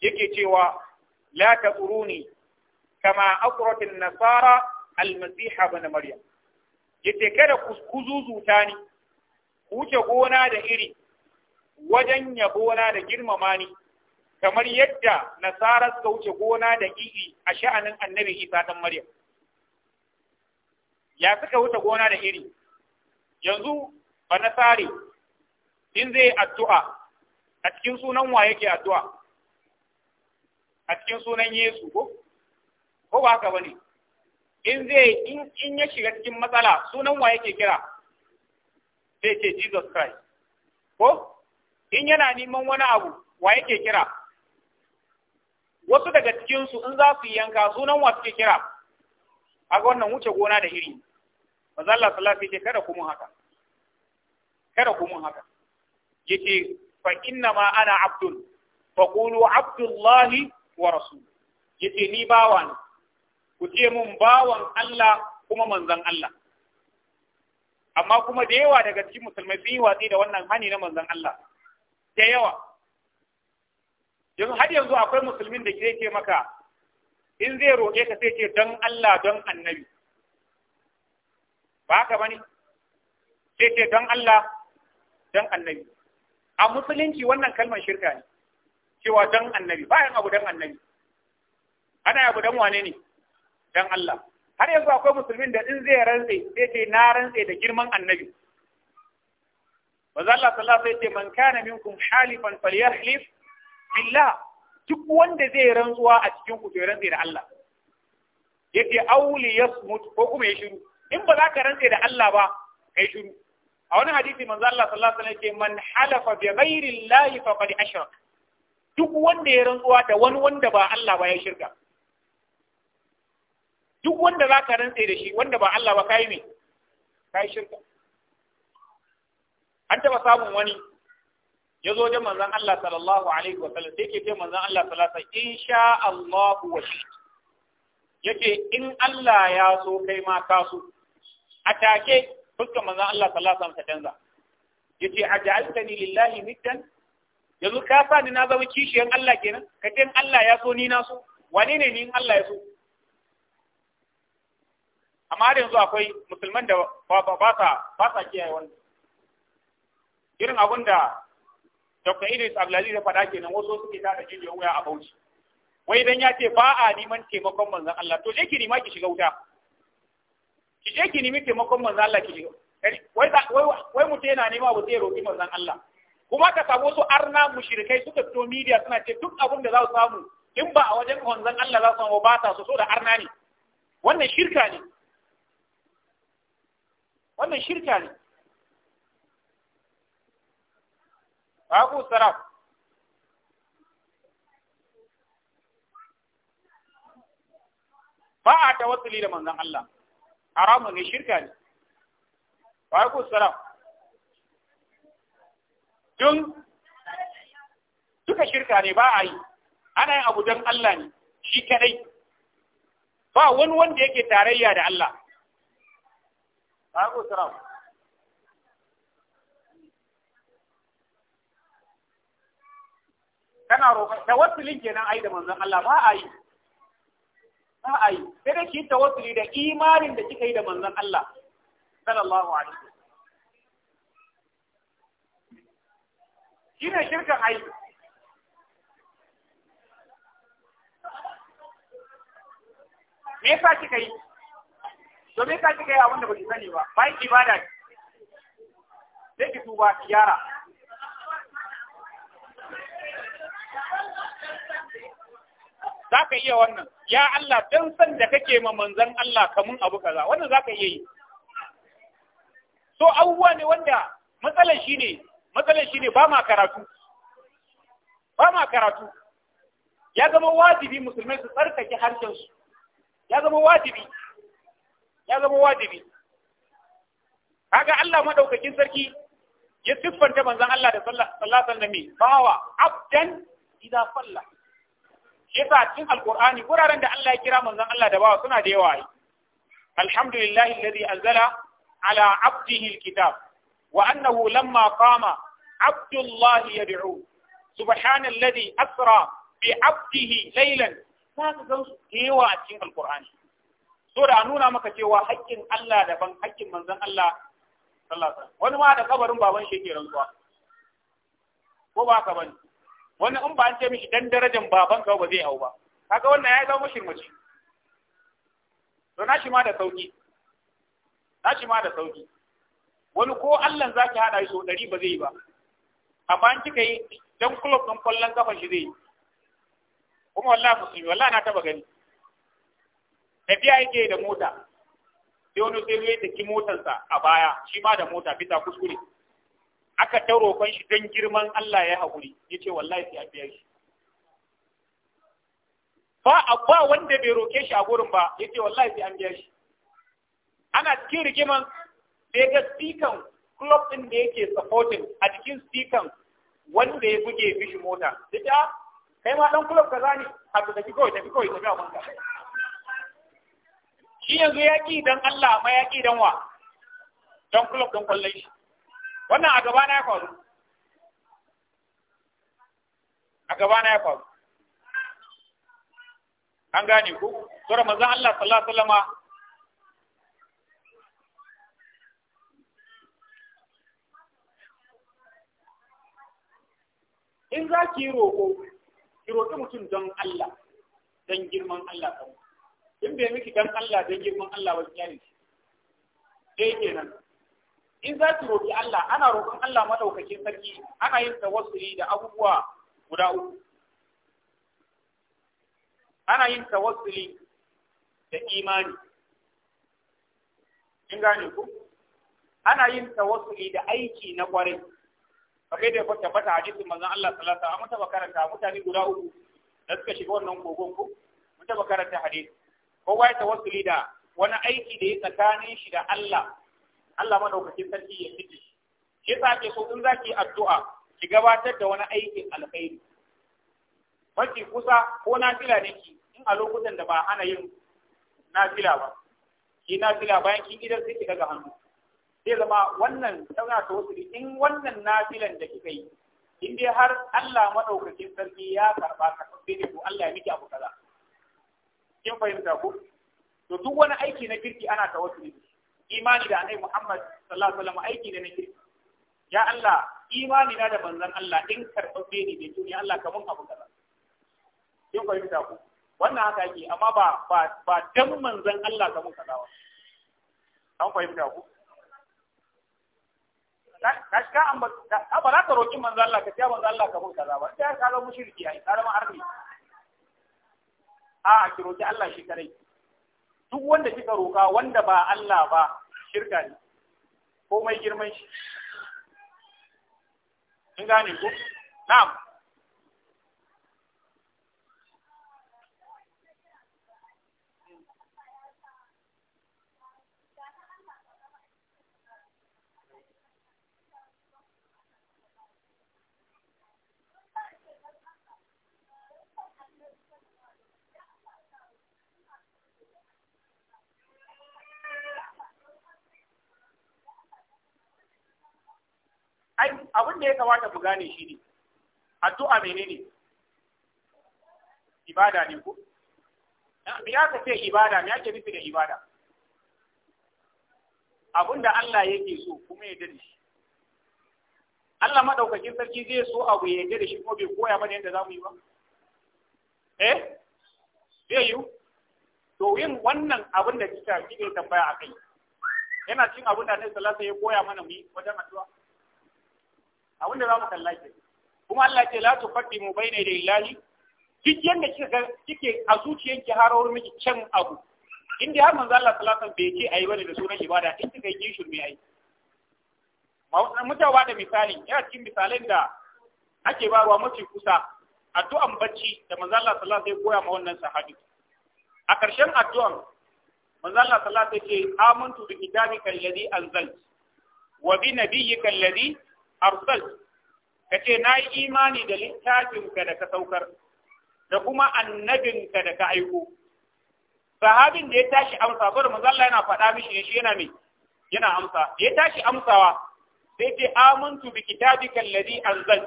yake cewa la ne kama akuratin nasara almasiha ba na maryam yace kada ku zuzuta ni ku wuce gona da iri wajen yabona da girmama ni kamar yadda nasara suka wuce gona da iri a sha'anin annabi isa dan maryam ya suka wuce gona da iri yanzu ba na tsari in zai addu'a a cikin sunan wa yake addu'a a cikin sunan Yesu ko ko ba haka bane in zai in ya shiga cikin matsala sunan wa yake kira sai ce Jesus Christ ko in yana neman wani abu wa yake kira wasu daga cikinsu in za su yanka sunan wa suke kira a wannan wuce gona da iri manzo Allah sallallahu alaihi kada kuma haka kada kuma haka yace fa inna ma ana abdun fa qulu abdullahi wa rasul yace ni bawa ne ku ce mun bawan Allah kuma manzon Allah amma kuma da yawa daga cikin musulmai sun yi watsi da wannan hani na manzon Allah da yawa yanzu har yanzu akwai musulmin da ke ce maka in zai roƙe ka sai ce don Allah don annabi ba haka bane sai ce don Allah don annabi a musulunci wannan kalmar shirka ne cewa don annabi bayan abu don annabi ana abu don wane ne don Allah har yanzu akwai musulmin da in zai rantse sai ce na rantse da girman annabi manzo Allah sallallahu alaihi wasallam man kana minkum halifan falyahlif billah duk wanda zai rantsuwa a cikin ku to rantse da Allah yake auli yasmut ko kuma ya shiru in ba za ka rantse da Allah ba kai shiru a wani hadisi manzo Allah sallallahu alaihi wasallam yake man halafa bi ghairi Allah faqad ashrak duk wanda ya rantsuwa da wani wanda ba Allah ba ya shirka duk wanda za ka rantse da shi wanda ba Allah ba kai me kai shirka an taba samun wani ya zo wajen manzon Allah sallallahu alaihi wa sallam sai yake ce manzon Allah sallallahu alaihi wa insha Allah wa shi yake in Allah ya so kai ma ka so a take fuskar manzon Allah sallallahu alaihi wasallam ta canza yace aj'altani lillahi niddan yanzu ka sa ni na zama kishiyan Allah kenan ka ce Allah ya so ni na so wane ne ni in Allah ya so amma har yanzu akwai musulman da ba sa ba sa kiyaye wannan irin abin da Dr. Idris Ablali ya faɗa kenan wasu suke ta da jijiyoyin wuya a Bauchi wai dan ya ce ba a neman taimakon manzon Allah to je ki nima ki shiga wuta ki je ki nemi taimakon manzon Allah ki wai wai mutum yana nema abu zai roƙi manzon Allah kuma ka samu su arna mushrikai suka fito media suna ce duk abin da za su samu in ba a wajen manzon Allah za su samu ba ta so da arna ne wannan shirka ne wannan shirka ne babu saraf ba a tawassuli da manzon Allah haramun ne shirka ne wa alaikum salam dun duka shirka ne ba a yi ana yin abu don Allah ne shi kadai ba wani wanda yake tarayya da Allah wa alaikum salam kana roƙon tawassulin kenan ai da manzon Allah ba a yi ra'ayi a yi sai da ki tawassuli da imanin da kika yi da manzon Allah sallallahu alaihi wasallam shine shirkan ai me yasa kika yi to me yasa kika yi abin da baki sani ba bayan ibada ne. sai ki tuba yara za ka iya wannan ya Allah dan san da kake ma manzon Allah kamun abu kaza wannan za ka iya yi so abubuwa ne wanda matsalar shi ne matsalar shi ne ba ma karatu ba ma karatu ya zama wajibi musulmai su tsarkake harshensu ya zama wajibi ya zama wajibi kaga Allah madaukakin sarki ya siffanta manzon Allah da sallallahu alaihi wasallam bawa abdan idza falla. yasa cikin alkur'ani wuraren da Allah ya kira manzon Allah da bawa suna da yawa alhamdulillahi alladhi anzala ala abdihi alkitab wa annahu lamma qama abdullahi yad'u subhana alladhi asra bi abdihi laylan za ka san yawa a cikin alqur'ani so da nuna maka cewa haƙƙin Allah ban haƙƙin manzon Allah sallallahu alaihi wasallam wani ma da kabarin baban shi ke rantsuwa ko ba ka bani? wannan in ba an ce mishi dan darajar baban ka ba zai hau ba kaga wannan ya zama shirmaci to na shi ma da sauki na shi ma da sauki wani ko Allah zaki hada shi so dari ba zai yi ba amma an kika yi dan club din kallon kafa shi zai yi kuma wallahi musulmi wallahi na taba gani tafiya yake da mota sai wani sai ya taki motarsa a baya shi ma da mota bisa kuskure aka ta roƙon shi don girman Allah ya haƙuri ya ce wallahi sai a biya shi ba a ba wanda bai roƙe shi a gurin ba ya ce wallahi sai an biya shi ana cikin rigiman sai ga stikan club ɗin da yake supporting a cikin stikan wanda ya buge bishi mota ya ce ah, kai ma ɗan club ka ne a to tafi kawai tafi kawai tafi a banka shi yanzu ya ƙi don Allah ma ya ƙi don wa don club don kwallon shi wannan a gaba na ya faru a gaba na ya faru an gane ku sura manzon Allah sallallahu alaihi in za ki yi roƙo ki roƙi mutum don Allah don girman Allah kawai in bai miki don Allah don girman Allah ba ki shi dai kenan in za ki roƙi Allah ana roƙon Allah madaukakin sarki ana yin tawassuli da abubuwa guda uku ana yin tawassuli da imani in gane ku ana yin tawassuli da aiki na ƙwarai kamar da ya tabbata hadisin manzon Allah sallallahu alaihi wasallam mun taba karanta mutane guda uku da suka shiga wannan kogon ku mun taba karanta hadisi kowa ya tawassuli da wani aiki da ya tsakanin shi da Allah Allah madaukakin sarki ya fice shi shi yasa ake so in zaki addu'a ki gabatar da wani aikin alkhairi mafi kusa ko na fila ne ki in a lokutan da ba ana yin nafila ba ki nafila bayan kin gidan sai ki daga hannu zai zama wannan tsauna ta wasu in wannan nafilan da kika yi in dai har Allah madaukakin sarki ya karba ka sai ne ko Allah ya miki abu kaza kin fahimta ko to duk wani aiki na kirki ana tawassuli imani da annabi Muhammad sallallahu alaihi wasallam aiki ne nake ya Allah imani na da banzan Allah in karɓaɓɓe ne da ya Allah ka mun abu kaza kin fahimta ku wannan haka yake amma ba ba ba dan manzan Allah ka mun kaza ba an fahimta ku kashka an ba ba za ka roƙi manzan Allah ka ce manzan Allah ka mun kaza ba sai ka ga mushriki ai ka zama arni a ki roƙi Allah shi kare duk wanda kika roƙa wanda ba Allah ba shirka ne ko mai girman shi in gane ku? na'am ai abin da ya kamata ku gane shi ne addu'a menene ibada ne ko me ya ka ce ibada me yake nufi da ibada abin da Allah yake so kuma ya dade shi Allah madaukakin sarki zai so abu ya dade shi kuma bai koya mana yadda zamu yi ba eh zai yi to yin wannan abin da kika kike tambaya akai yana cin abin da Annabi sallallahu alaihi wasallam ya koya mana mu wajen addu'a abin da za mu kalla ke kuma Allah ce la tuqaddimu da lillahi duk yanda kika kike a zuciyanki harawar miki can abu inda har manzo Allah sallallahu alaihi wasallam bai ce ayi bane da sunan ibada in kika yi shirme ayi ba da misali yana cikin misalin da ake ruwa mafi kusa addu'an bacci da manzo Allah sallallahu alaihi wasallam ya koya ma wannan sahabi a ƙarshen addu'an manzo Allah sallallahu alaihi wasallam ya ce amantu bi kitabika alladhi anzalta wa bi nabiyyika alladhi arsal ka ce na yi imani da littafinka da ka saukar da kuma annabinka da ka aiko sahabin da ya tashi amsa bar manzo Allah yana faɗa mishi ne shi yana mai yana amsa ya tashi amsawa sai ce amantu bi kitabika alladhi anzal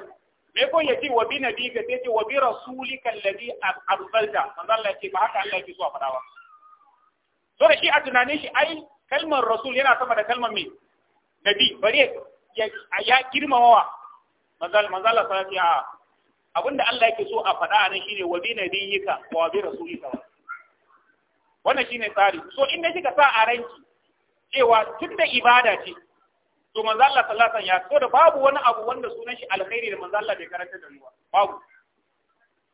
me ko ya ce wa bi nabika sai ce wa bi rasulika alladhi arsalta manzo Allah ya ce ba haka Allah ya so faɗa ba so da shi a tunanin shi ai kalmar rasul yana sama da kalmar mai nabi bari ya girmamawa wa manzala sallallahu alaihi wasallam abinda Allah yake so a faɗa a nan shine wa bi nabiyyika wa bi rasulika wannan shine tsari so inda kika sa a ranki cewa tunda ibada ce to mazalla Allah sallallahu alaihi wasallam ya so da babu wani abu wanda sunan shi alkhairi da mazalla Allah bai karanta da ruwa babu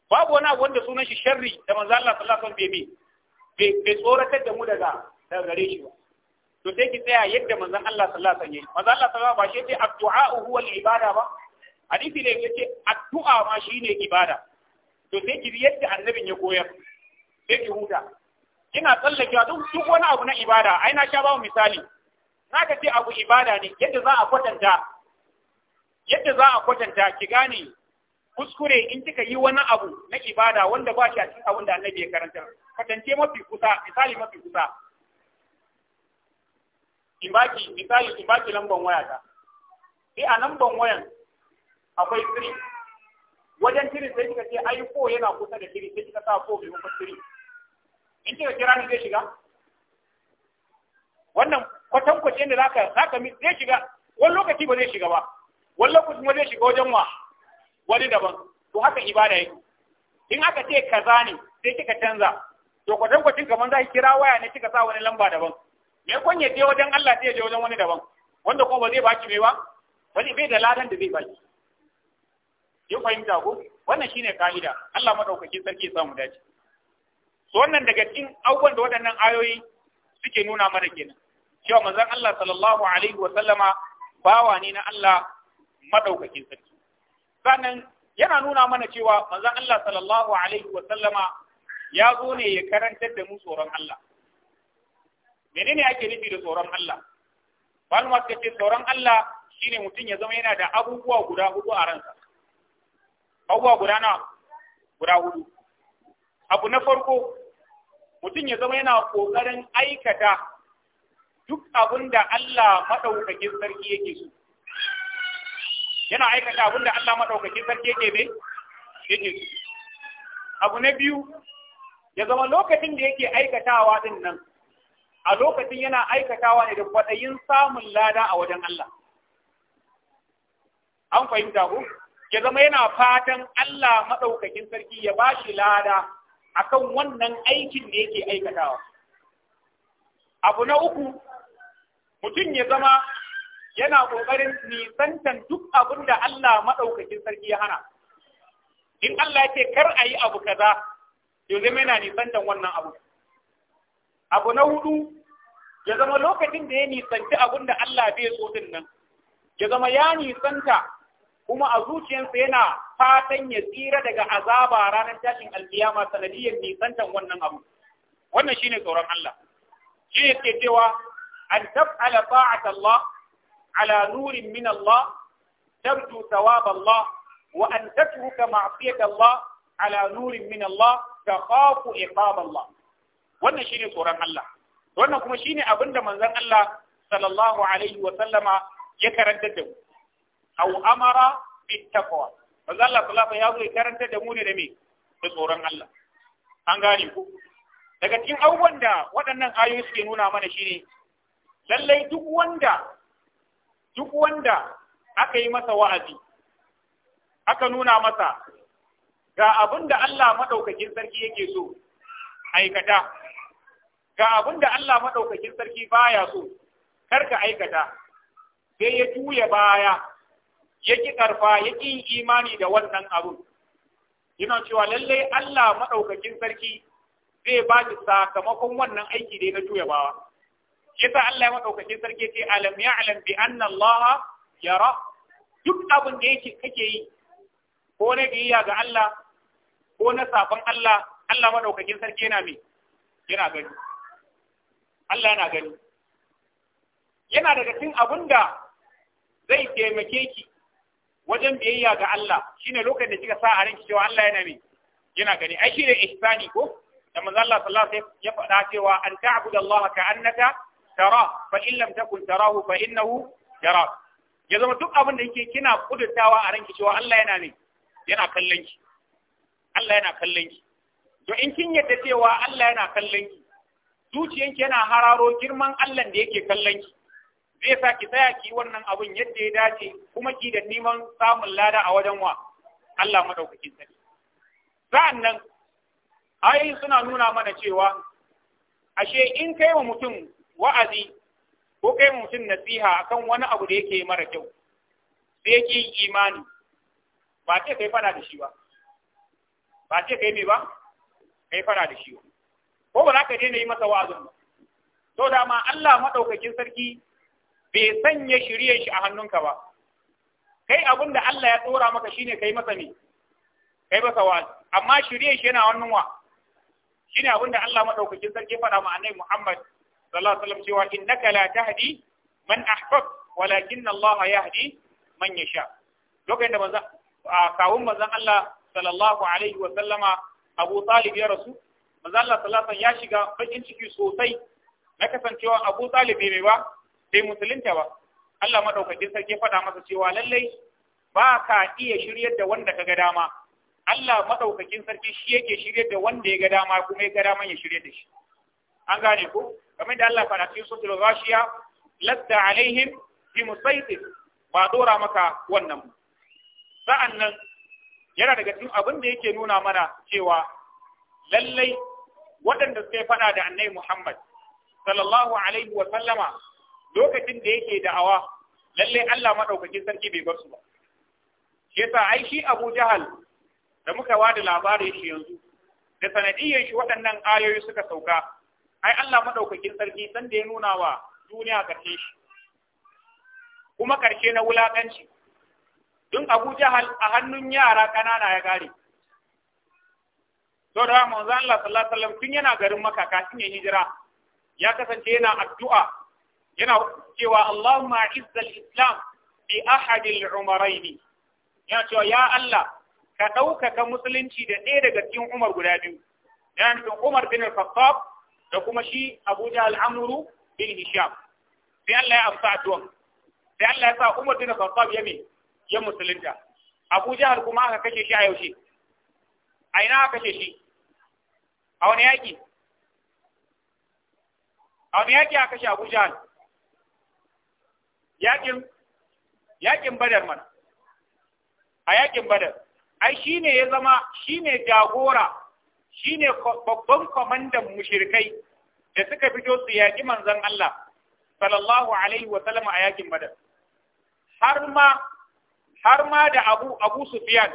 babu wani abu wanda sunan shi sharri da mazalla Allah sallallahu alaihi wasallam bai bai tsoratar da mu daga daga gare shi ba to sai ki tsaya yadda manzon Allah sallallahu alaihi wasallam manzon Allah sallallahu alaihi wasallam ba shi ce addu'a huwa al-ibada ba hadisi ne yace addu'a ma shine ibada to sai ki yadda annabin ya koyar sai ki huta kina tsallakewa duk duk wani abu na ibada ai na sha ba misali na ka ce abu ibada ne yadda za a kwatanta yadda za a kwatanta ki gane kuskure in kika yi wani abu na ibada wanda ba shi a cikin abin da annabi ya karanta kwatance mafi kusa misali mafi kusa in baki misali in baki lamban waya ta sai a lamban wayan akwai tiri wajen tiri sai kika ce ai ko yana kusa da tiri sai kika sa ko bai kuma tiri in kika kira ni zai shiga wannan kwatan kwace ne zaka zaka mi zai shiga wani lokaci ba zai shiga ba wani lokaci kuma zai shiga wajen wa wani daban to haka ibada yake in aka ce kaza ne sai kika canza to kwatan kwacin kaman zai kira waya ne kika sa wani lamba daban me kun ya je wajen Allah sai ya je wajen wani daban wanda kuma ba zai baki mai ba wani bai da ladan da zai baki kin fahimta ko wannan shine ka'ida Allah madaukaki sarki ya samu dace so wannan daga cikin abubuwan da waɗannan ayoyi suke nuna mana kenan cewa manzon Allah sallallahu alaihi wa sallama bawa ne na Allah madaukakin sarki sannan yana nuna mana cewa manzon Allah sallallahu alaihi wa sallama ya zo ne ya karantar da mu tsoron Allah menene ake nufi da tsoron Allah malama suka ce tsoron Allah shine mutum ya zama yana da abubuwa guda hudu a ransa abubuwa guda na guda hudu abu na farko mutum ya zama yana kokarin aikata duk abin da Allah maɗaukakin sarki yake so yana aikata abin da Allah maɗaukakin sarki yake ne yake so abu na biyu ya zama lokacin da yake aikatawa din nan a lokacin yana aikatawa ne da kwaɗayin samun lada a wajen Allah. An fahimta ku? Ya zama yana fatan Allah maɗaukakin sarki ya ba shi lada a kan wannan aikin da yake aikatawa. Abu na uku, mutum ya zama yana ƙoƙarin nisantan duk abin da Allah maɗaukakin sarki ya hana. In Allah ya ce kar a yi abu kaza, yau zai yana nisantan wannan abu. abu na hudu ya zama lokacin da ya nisanci abin da Allah bai so din nan ya zama ya nisanta kuma a zuciyarsa yana fatan ya tsira daga azaba ranar tashin alkiyama sanadiyar nisantan wannan abu wannan shine tsoron Allah shi ne ke cewa an taf'ala ta'at Allah ala nurin min Allah tarju thawab Allah wa an tatruka ma'siyat Allah ala nurin min Allah takhafu iqab Allah wannan shine tsoron Allah wannan kuma shine abin da manzon Allah sallallahu alaihi wa sallama ya karanta da mu au amara bit taqwa manzon Allah sallallahu ya zo ya karanta da mu ne da me da tsoron Allah an gane ku daga cikin abubuwan da waɗannan ayoyi suke nuna mana shine lallai duk wanda duk wanda aka yi masa wa'azi aka nuna masa ga abin da Allah maɗaukakin sarki yake so aikata ga abin da Allah maɗaukakin sarki baya so kar ka aikata sai ya tuya baya ya ki karfa ya imani da wannan abu yana cewa lalle Allah maɗaukakin sarki zai ba shi sakamakon wannan aiki da ya tuya bawa yasa Allah ya maɗaukakin sarki ce alam ya'lam bi anna Allah yara duk abin da yake kake yi ko na biyayya ga Allah ko na sabon Allah Allah maɗaukakin sarki yana mai, yana gani Allah yana gani yana daga cikin abin da zai taimake ki wajen biyayya ga Allah shine lokacin da kika sa a ranki cewa Allah yana ne yana gani ai shi ne ihsani ko da manzo Allah sallallahu alaihi wasallam ya faɗa cewa an ta'budu Allah ka annaka tara fa in lam takun tarahu fa innahu yara ya zama duk abin da yake kina kudutawa a ranki cewa Allah yana ne yana kallon ki Allah yana kallon ki to in kin yadda cewa Allah yana kallon ki zuciyanki yana hararo girman Allah da yake kallon ki zai sa ki tsaya ki wannan abun yadda ya dace kuma ki da neman samun lada a wajen wa Allah madaukakin sarki sa'an nan suna nuna mana cewa ashe in kai wa mutum wa'azi ko kai wa mutum nasiha akan wani abu da yake mara kyau sai ki imani ba ce kai fara da shi ba ba ce kai ne ba kai fara da shi ba ko ba za ka daina yi masa wa'azin ba to da ma Allah madaukakin sarki bai sanya shirye shi a hannunka ba kai abin da Allah ya tsora maka shine kai masa ne kai masa wa'azi amma shirye shi yana hannun wa shine abin da Allah madaukakin sarki faɗa ma annabi Muhammad sallallahu alaihi wasallam cewa innaka la tahdi man ahbab walakin Allah yahdi man yasha lokacin da manzo kawun manzon Allah sallallahu alaihi wasallama Abu Talib ya rasu manzo Allah sallallahu ya shiga bakin ciki sosai na kasancewa Abu Talib ne ba sai musulunta ba Allah madaukakin sarki faɗa masa cewa lallai ba ka iya shiryar da wanda ka ga dama Allah madaukakin sarki shi yake shiryar da wanda ya ga dama kuma ya ga dama ya shirye da shi an gane ko kamar da Allah faɗa cikin suratul ghashiya lasta alaihim fi musaitir ba dora maka wannan sa'annan yana daga cikin abin da yake nuna mana cewa lallai waɗanda suka faɗa da annai Muhammad sallallahu alaihi wa sallama lokacin da yake da'awa lalle Allah maɗaukakin sarki bai bar su ba shi yasa ai shi Abu Jahal da muka wada labarin shi yanzu da sanadiyyar shi waɗannan ayoyi suka sauka ai Allah maɗaukakin sarki san da ya nuna wa duniya karshe shi kuma karshe na wulakanci Dun Abu Jahal a hannun yara ƙanana ya gare to da manzo Allah sallallahu alaihi wasallam tun yana garin Makka kafin ya hijira ya kasance yana addu'a yana cewa Allahumma izzal islam bi ahad al-umarayn ya cewa ya Allah ka ɗaukaka musulunci da ɗaya daga cikin Umar guda biyu yana nufin Umar bin al-Khattab da kuma shi Abuja al-Amru bin Hisham sai Allah ya amsa addu'an sai Allah ya sa Umar bin al-Khattab ya me ya musulunta Abuja kuma aka kashe shi a yaushe a ina aka kashe shi a wani yaƙi a wani yaƙi aka kashe Abu jihar yaƙin Badar mana a yaƙin Badar ai shi ne ya zama shi ne jagora shi ne babban kwamandan mushrikai da suka fito su yaƙi manzon Allah sallallahu alaihi wa sallam a yaƙin Badar har ma har ma da Abu Abu sufiyan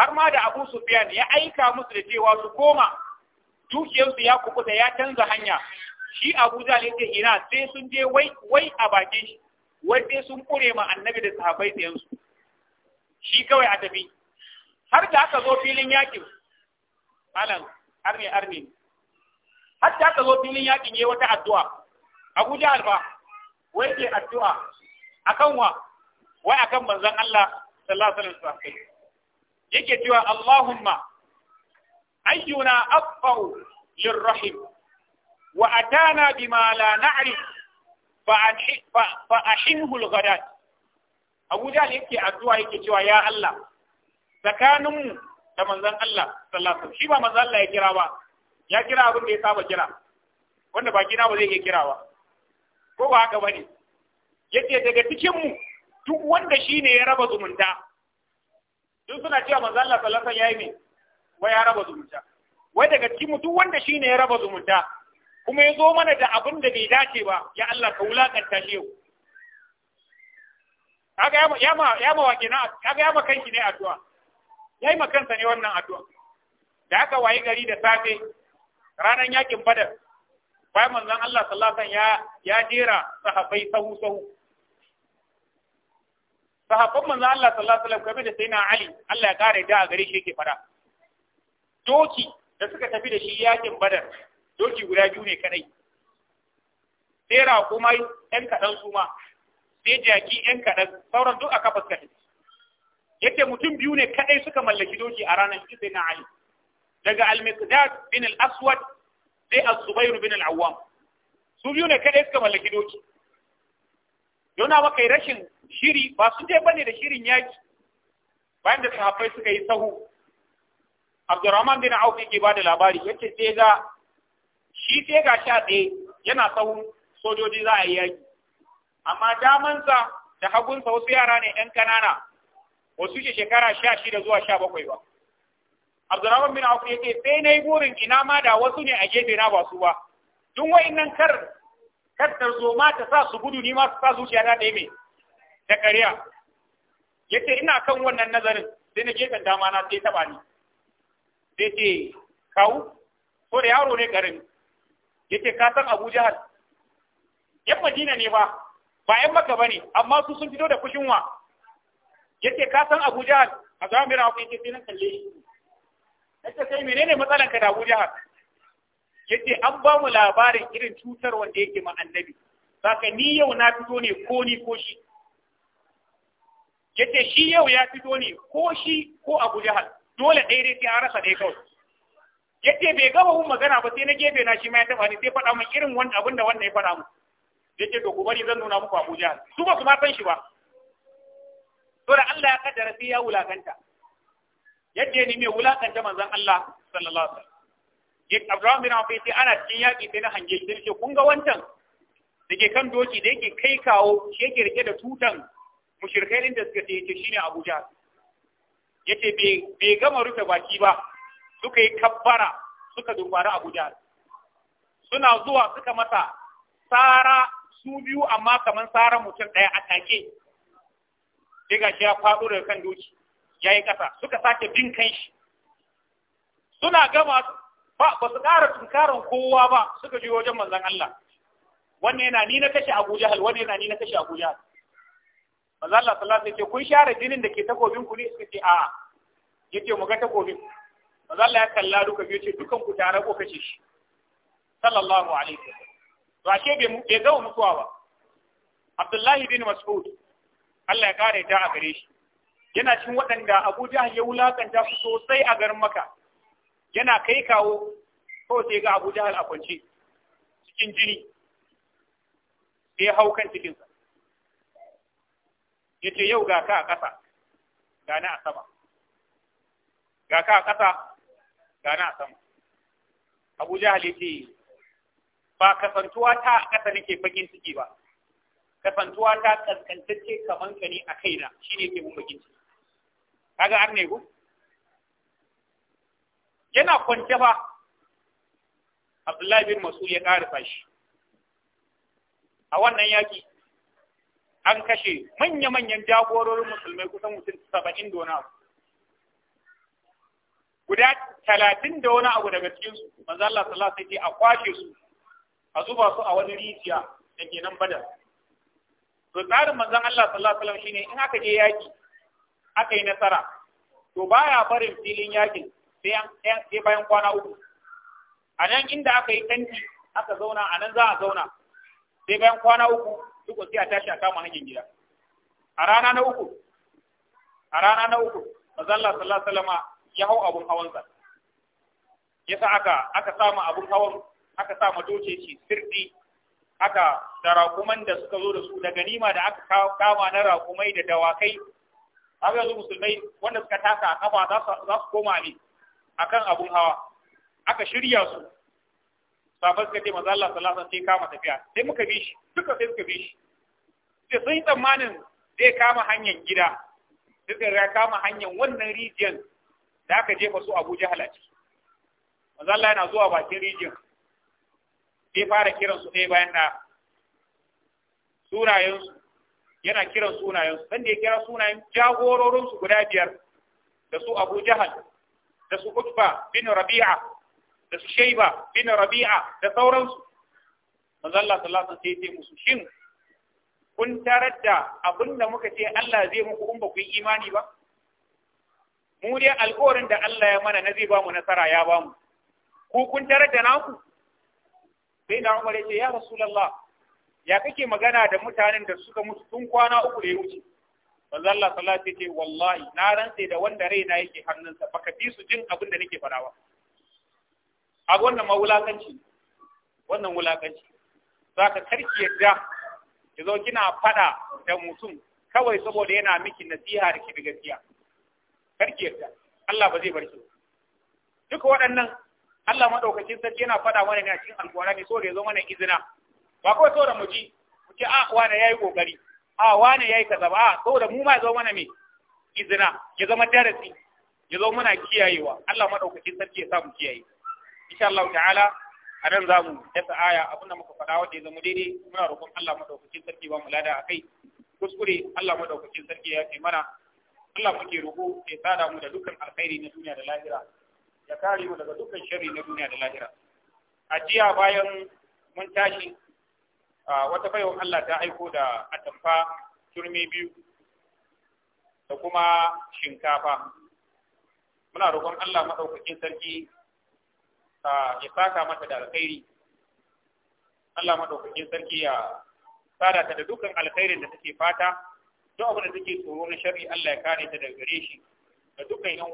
har ma da Abu Sufyan ya aika musu da cewa su koma dukiyarsu ya kukuta ya canza hanya shi Abu Jahl yake ina sai sun je wai wai a bakin shi wai sai sun kure ma annabi da sahabbai da yansu shi kawai a tafi har da aka zo filin yakin malam arne arne har da aka zo filin yakin yayi wata addu'a Abu Jahl ba wai ke addu'a akan wa wai akan manzon Allah sallallahu alaihi wasallam yake cewa Allahumma ayyuna afqau lirrahim wa atana bima la na'rif fa ahinhu al-ghadat Abu Jahl yake addu'a yake cewa ya Allah tsakaninmu da manzon Allah sallallahu alaihi wasallam shi ba manzon Allah ya kira ba ya kira abin da ya saba kira wanda baki na ba zai iya kira ba ko ba haka bane yace daga cikin mu duk wanda shine ya raba zumunta duk suna cewa manzo Allah sallallahu alaihi yayi ne wai ya raba zumunta wai daga cikin mutum wanda shine ya raba zumunta kuma ya zo mana da abin da bai dace ba ya Allah ka wulakanta shi yau kaga ya ma ya ma wake na kaga ya ma kanki ne addu'a yayi ma kansa ne wannan addu'a da aka wayi gari da safe ranar yakin badar bayan manzon Allah sallallahu alaihi wasallam ya ya jera sahabbai sahu sahu sahabban manzo Allah sallallahu alaihi wasallam kabe da sayyidina Ali Allah ya kare da a gare shi yake fara doki da suka tafi da shi yakin Badar doki guda biyu ne kadai sai raƙumai ɗan kaɗan su ma sai jaki ɗan kaɗan sauran duk aka fuskanta yake mutum biyu ne kadai suka mallaki doki a ranar shi sayyidina Ali daga al-Miqdad bin al-Aswad sai az-Zubair bin al-Awwam su biyu ne kadai suka mallaki doki yana maka rashin shiri ba su je bane da shirin yaki bayan da sahabbai suka yi sahu Abdurrahman bin Auf yake ba da labari yace sai ga shi sai ga sha ɗaya yana sahu sojoji za a yi yaki amma damansa da hagunsa wasu yara ne ‘yan kanana wasu ce shekara sha shida zuwa sha bakwai ba. Abdurrahman bin Auf yake sai na yi burin ina ma da wasu ne a gefe na ba su ba. Duk wa'innan kar zo ma ta sa su gudu ni ma su sa zuciya ta dai me da ƙarya yace ina kan wannan nazarin sai na gefen dama na sai taba ni sai ce kawu ko da yaro ne garin yace ka san Abu Jahal yan Madina ne ba, ba yan Makka bane amma su sun fito da fushin wa yace ka san Abu Jahal a zamanin akwai yace sai na kalle shi yace sai menene matsalanka da Abu Jahal yace an ba mu labarin irin cutar wanda yake ma annabi saka ni yau na fito ne ko ni ko shi yace shi yau ya fito ne ko shi ko Abu Jahal dole ɗaya dai sai an rasa ɗaya kawai yace bai gama mun magana ba sai na gefe na shi ma ya taba ni sai faɗa min irin wani abin da wannan ya faɗa mu yace to ku bari zan nuna muku Abu Jahal su ba su ma san shi ba to da Allah ya kaddara sai ya wulakanta yadda ne mai wulakanta manzon Allah sallallahu alaihi wasallam Abdullahi bin Affan sai ana cikin yaki sai na hange shi sai kun ga wancan da kan doki da yake kai kawo shi yake rike da tutan mushrikai din da suka ce yace shine Abu Jahl yace bai gama rufe baki ba suka yi kabbara suka dubara Abu Jahl suna zuwa suka masa sara su biyu amma kamar tsara mutum ɗaya a take sai ga shi ya faɗo daga kan doki yayi kasa suka sake bin kan shi suna gama ba ba su ƙara tunkarin kowa ba suka je wajen manzon Allah wannan yana ni na kashe Abu Jahal wannan yana ni na kashe Abu Jahal manzon Allah sallallahu alaihi wasallam kun share jinin da ke takobin ku ne suka ce a yace mu ga takobin manzon Allah ya kalla duka biyu ce dukan ku tare ko kashe shi sallallahu alaihi wasallam to ke bai ga mutuwa ba Abdullahi bin Mas'ud Allah ya kare ta a gare shi yana cin waɗanda Abu Jahal ya wulakanta su sosai a garin Makka yana kai kawo ko sai ga Abu Jahal a kwance cikin jini sai ya hau kan cikinsa ya ce yau ga ka a ƙasa ga na a sama ga ka a ƙasa ga na a sama Abu Jahal ya ce ba kasantuwa ta a ƙasa nake bakin ciki ba kasantuwa ta kaskantacce kaman ka ne a kaina shine ke mun bakin ciki kaga an ne ko yana kwance ba Abdullahi bin masu ya ƙarfa shi a wannan yaki an kashe manya-manyan jagororin musulmai kusan mutum saba'in da wani abu guda talatin da wani abu daga cikinsu manzo Allah sallallahu alaihi a kwashe su a zuba su a wani rijiya da ke nan badar to tsarin maza Allah sallallahu alaihi shine in aka je yaki aka yi nasara to baya barin filin yakin Eh, sai bayan kwana uku a nan inda aka yi tanti aka zauna a nan za a zauna sai bayan kwana uku duk sai a tashi a kama hanyar gida a rana na uku a rana na uku mazalla sallallahu alaihi ya hau abun hawansa yasa aka aka samu abun hawan aka samu doce shi sirdi aka da raƙuman da suka zo da su da ganima da aka kama na raƙumai da dawakai haka yanzu musulmai wanda suka taka a kafa za su koma ne akan abun hawa aka shirya su Safar suka ce mazalla Allah sallallahu alaihi wasallam sai kama tafiya sai muka bi shi duka sai suka bi shi sai sun yi tsammanin zai kama hanyar gida sai suka ga kama hanyar wannan region da aka jefa su Abu Jahal a Allah yana zuwa bakin region sai fara kiran su ɗaya bayan da sunayensu yana kiran sunayensu Sanda ya kira sunayen jagororinsu guda biyar da su Abu Jahal da su Utba bin Rabi'a da su Shayba bin Rabi'a da sauransu manzo Allah sallallahu alaihi wasallam sai musu shin kun tarar da abinda muka ce Allah zai muku in ba ku yi imani ba mu dai alƙawarin da Allah ya mana na zai ba mu nasara ya ba mu ku kun tarar da naku sai na Umar ya ce ya Rasulullah ya kake magana da mutanen da suka mutu tun kwana uku da ya wuce manzo Allah sallallahu alaihi wasallam wallahi na rantse da wanda raina yake hannunsa baka fi su jin abin da nake faɗa ba a wannan ma wulakanci wannan wulakanci zaka karki yadda ki zo kina faɗa da mutum kawai saboda yana miki nasiha da ki da gaskiya karki yadda Allah ba zai bar ki duka waɗannan Allah madaukakin sarki yana faɗa mana ne a cikin alƙur'ani saboda ya zo mana izina ba kawai saboda mu ji mu ce a ah, wani yayi kokari a wane yayi kaza ba a saboda mu ma zama mana mai izina ya zama darasi ya zama muna kiyayewa Allah maɗaukacin sarki ya sa mu kiyaye insha Allah ta'ala a nan za mu dasa aya abinda muka faɗa wanda ya zama daidai muna roƙon Allah madaukakin sarki ba mu lada akai kuskure Allah madaukakin sarki ya ce mana Allah muke roƙo ya sada mu da dukkan alkhairi na duniya da lahira ya kare mu daga dukkan sharri na duniya da lahira a jiya bayan mun tashi wata baiwa Allah ta aiko da atamfa turmi biyu da kuma shinkafa muna roƙon Allah maɗaukakin sarki ya saka mata da alkhairi Allah maɗaukakin sarki ya tsada ta da dukkan alkhairin da take fata don abin da take tsoro na shari'a, Allah ya kare ta daga gare shi da dukkan yan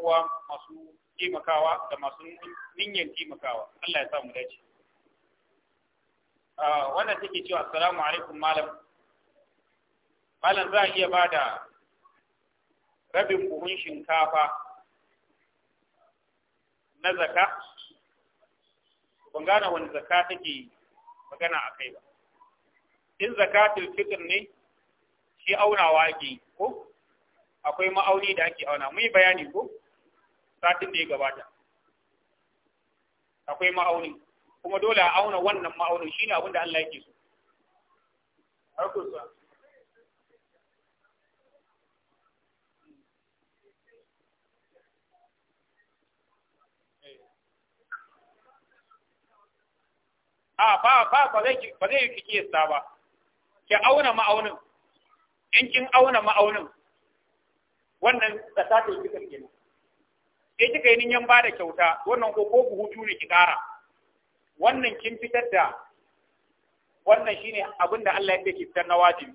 masu taimakawa da masu niyyar taimakawa Allah ya samu dace Ah, wannan take cewa assalamu alaikum malam malam za a iya ba da rabin buhun shinkafa na zaka ban gane wani zaka take magana a kai ba in zakatul fitr ne shi aunawa ake ko akwai ma'auni da ake auna mun yi bayani ko satin da ya gabata akwai ma'auni kuma dole a auna wannan ma'aunin shine abin da Allah yake so har ku a ba ba ba zai yi kiyasta ba ki auna ma'aunin in kin auna ma'aunin wannan da ta yi kika kenan sai kika yi ninyan ba da kyauta wannan ko ko buhutu ne ki kara wannan kin fitar da wannan shine abin da Allah ya ce fitar na wajibi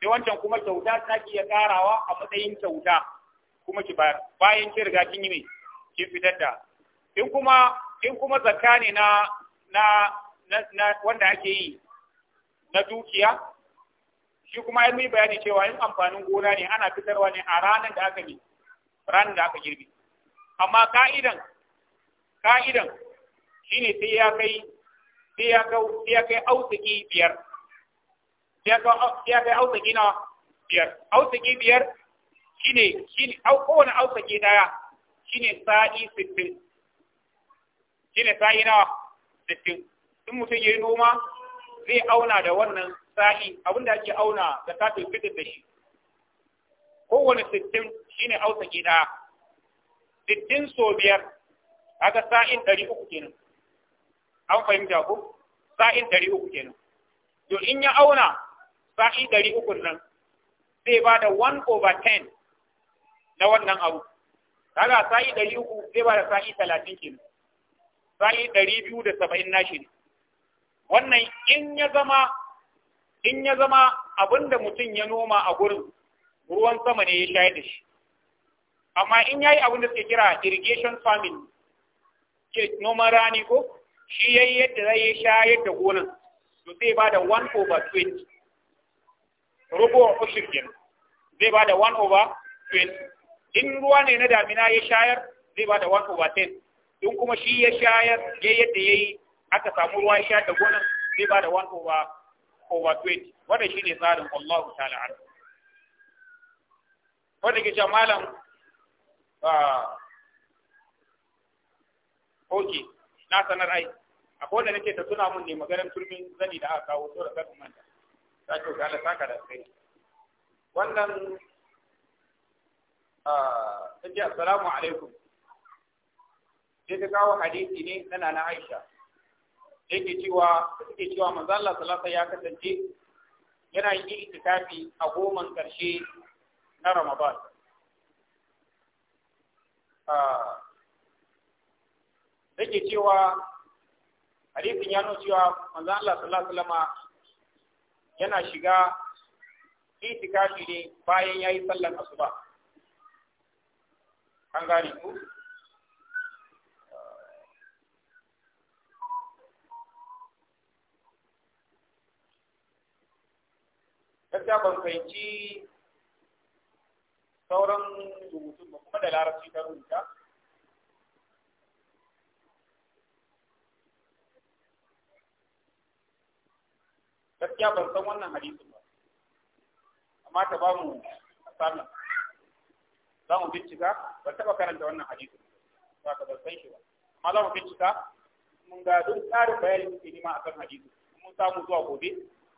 sai wancan kuma kyauta ta ki ya karawa a matsayin kyauta kuma ki bayar bayan ki riga kin yi ne kin fitar da in kuma in kuma zakka ne na na na wanda ake yi na dukiya shi kuma ya mai bayani cewa in amfanin gona ne ana fitarwa ne a ranar da aka ne ranar da aka girbi amma ka'idan ka'idan shine sai ya kai sai ya kai sai ya kai autaki biyar sai ya kai autaki na biyar autaki biyar shine shine au kowane autaki daya shine sa'i 60 shine sa'i na 60 in mutum yayi noma zai auna da wannan sa'i abinda ake auna da kafin fitar da shi kowane sittin shine autaki daya sittin so biyar kaga sa'in ɗari uku kenan an fahimta ko sa'in ɗari uku kenan to in ya auna sa'i ɗari uku nan zai ba da 1 over 10 na wannan abu kaga sa'i ɗari uku zai ba da sa'i talatin kenan sa'i ɗari biyu da saba'in nashi ne wannan in ya zama in ya zama abinda mutum ya noma a gurin ruwan sama ne ya shayar da shi amma in yayi abin da suke kira irrigation farming ke noman rani ko shi ya yi yadda zai shayar da gonan to zai ba da 1 over 20 rubo ushir kenan zai ba da 1 over 20 in ruwa ne na damina ya shayar zai ba da 1 over 10 in kuma shi ya shayar ya yi yadda ya yi aka samu ruwa ya shayar da gonan zai ba da 1 over over 20 shi ne tsarin Allah ta'ala an wanda ke cewa malam ah okay na sanar ai akwai wanda nake ta tuna mun ne maganar turmin zani da aka kawo saboda kar manta ta ce ga Allah saka da sai wannan ah inji assalamu alaikum sai ta kawo hadisi ne na nana Aisha yake cewa yake cewa manzo Allah sallallahu ya kasance yana yin itikafi a goman karshe na Ramadan ah yake cewa hadisin ya nuna cewa manzon Allah sallallahu alaihi wasallam yana shiga itikafi ne bayan yayi sallar asuba an gane ku gaskiya ban fahimci sauran rubutun ba kuma da larabci ta rubuta gaskiya ban san wannan hadisin ba amma ta ba mu samun za mu bincika ban taɓa karanta wannan hadisin ba ka ban san shi ba amma za mu bincika mun ga duk tsarin bayani suke nima a kan hadisin mun samu zuwa gobe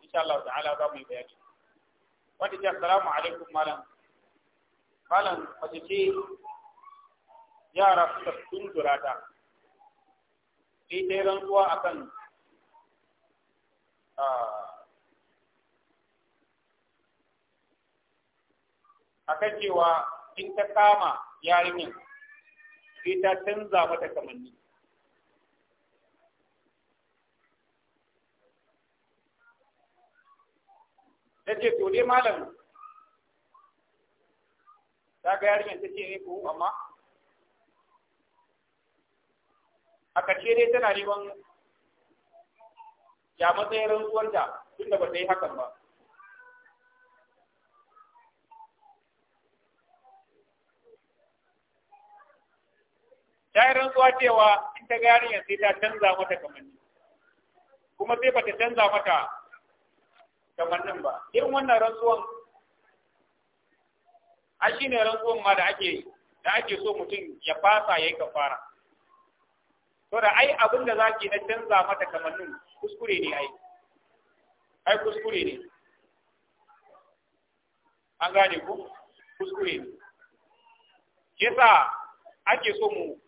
insha Allah ta'ala za mu yi bayani wanda ce assalamu alaikum malam malam wace ce yara suka tunzura ta sai ta yi rantsuwa kan ah, akan cewa in ta kama yarinyar sai ta canza mata kamanni ta ce to dai malam ta ga yarinyar ta ce ne eh, ku. amma a ƙarshe dai tana neman ya matsayin rantsuwarta tun da ba ta yi hakan ba ta yi rantsuwa cewa in ta gari yanzu ta canza mata kamanni kuma sai bata canza mata kamannin ba irin wannan rantsuwan a shi ne rantsuwan ma da ake da ake so mutum ya fasa ya yi kafara to da ai abin da za ki na canza mata kamannin kuskure ne ai ai kuskure ne an gane ku kuskure ne yasa ake so mu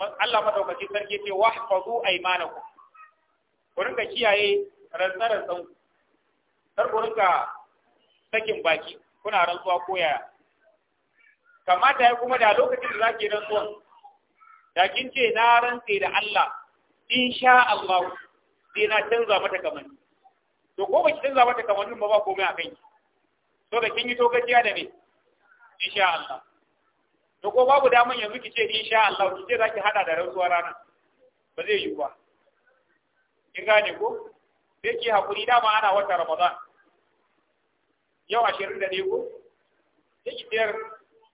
Allah madaukaki sarki ce wa wahfazu aymanakum ku rinka kiyaye rantsarantsan kar ku rinka sakin baki kuna rantsuwa ko yaya kamata ya kuma da lokacin da za ki rantsuwan da kin ce na rantse da Allah insha Allah sai na canza mata kamanni to ko baki canza mata kamannin ba ba komai a kanki so da kin yi to gajiya da me insha Allah to ko babu daman yanzu ki ce insha Allah ki ce zaki hada da rantsuwa rana? ba zai yi ba kin gane ko sai ki hakuri dama ana wata Ramadan yau ne ko sai ki tayar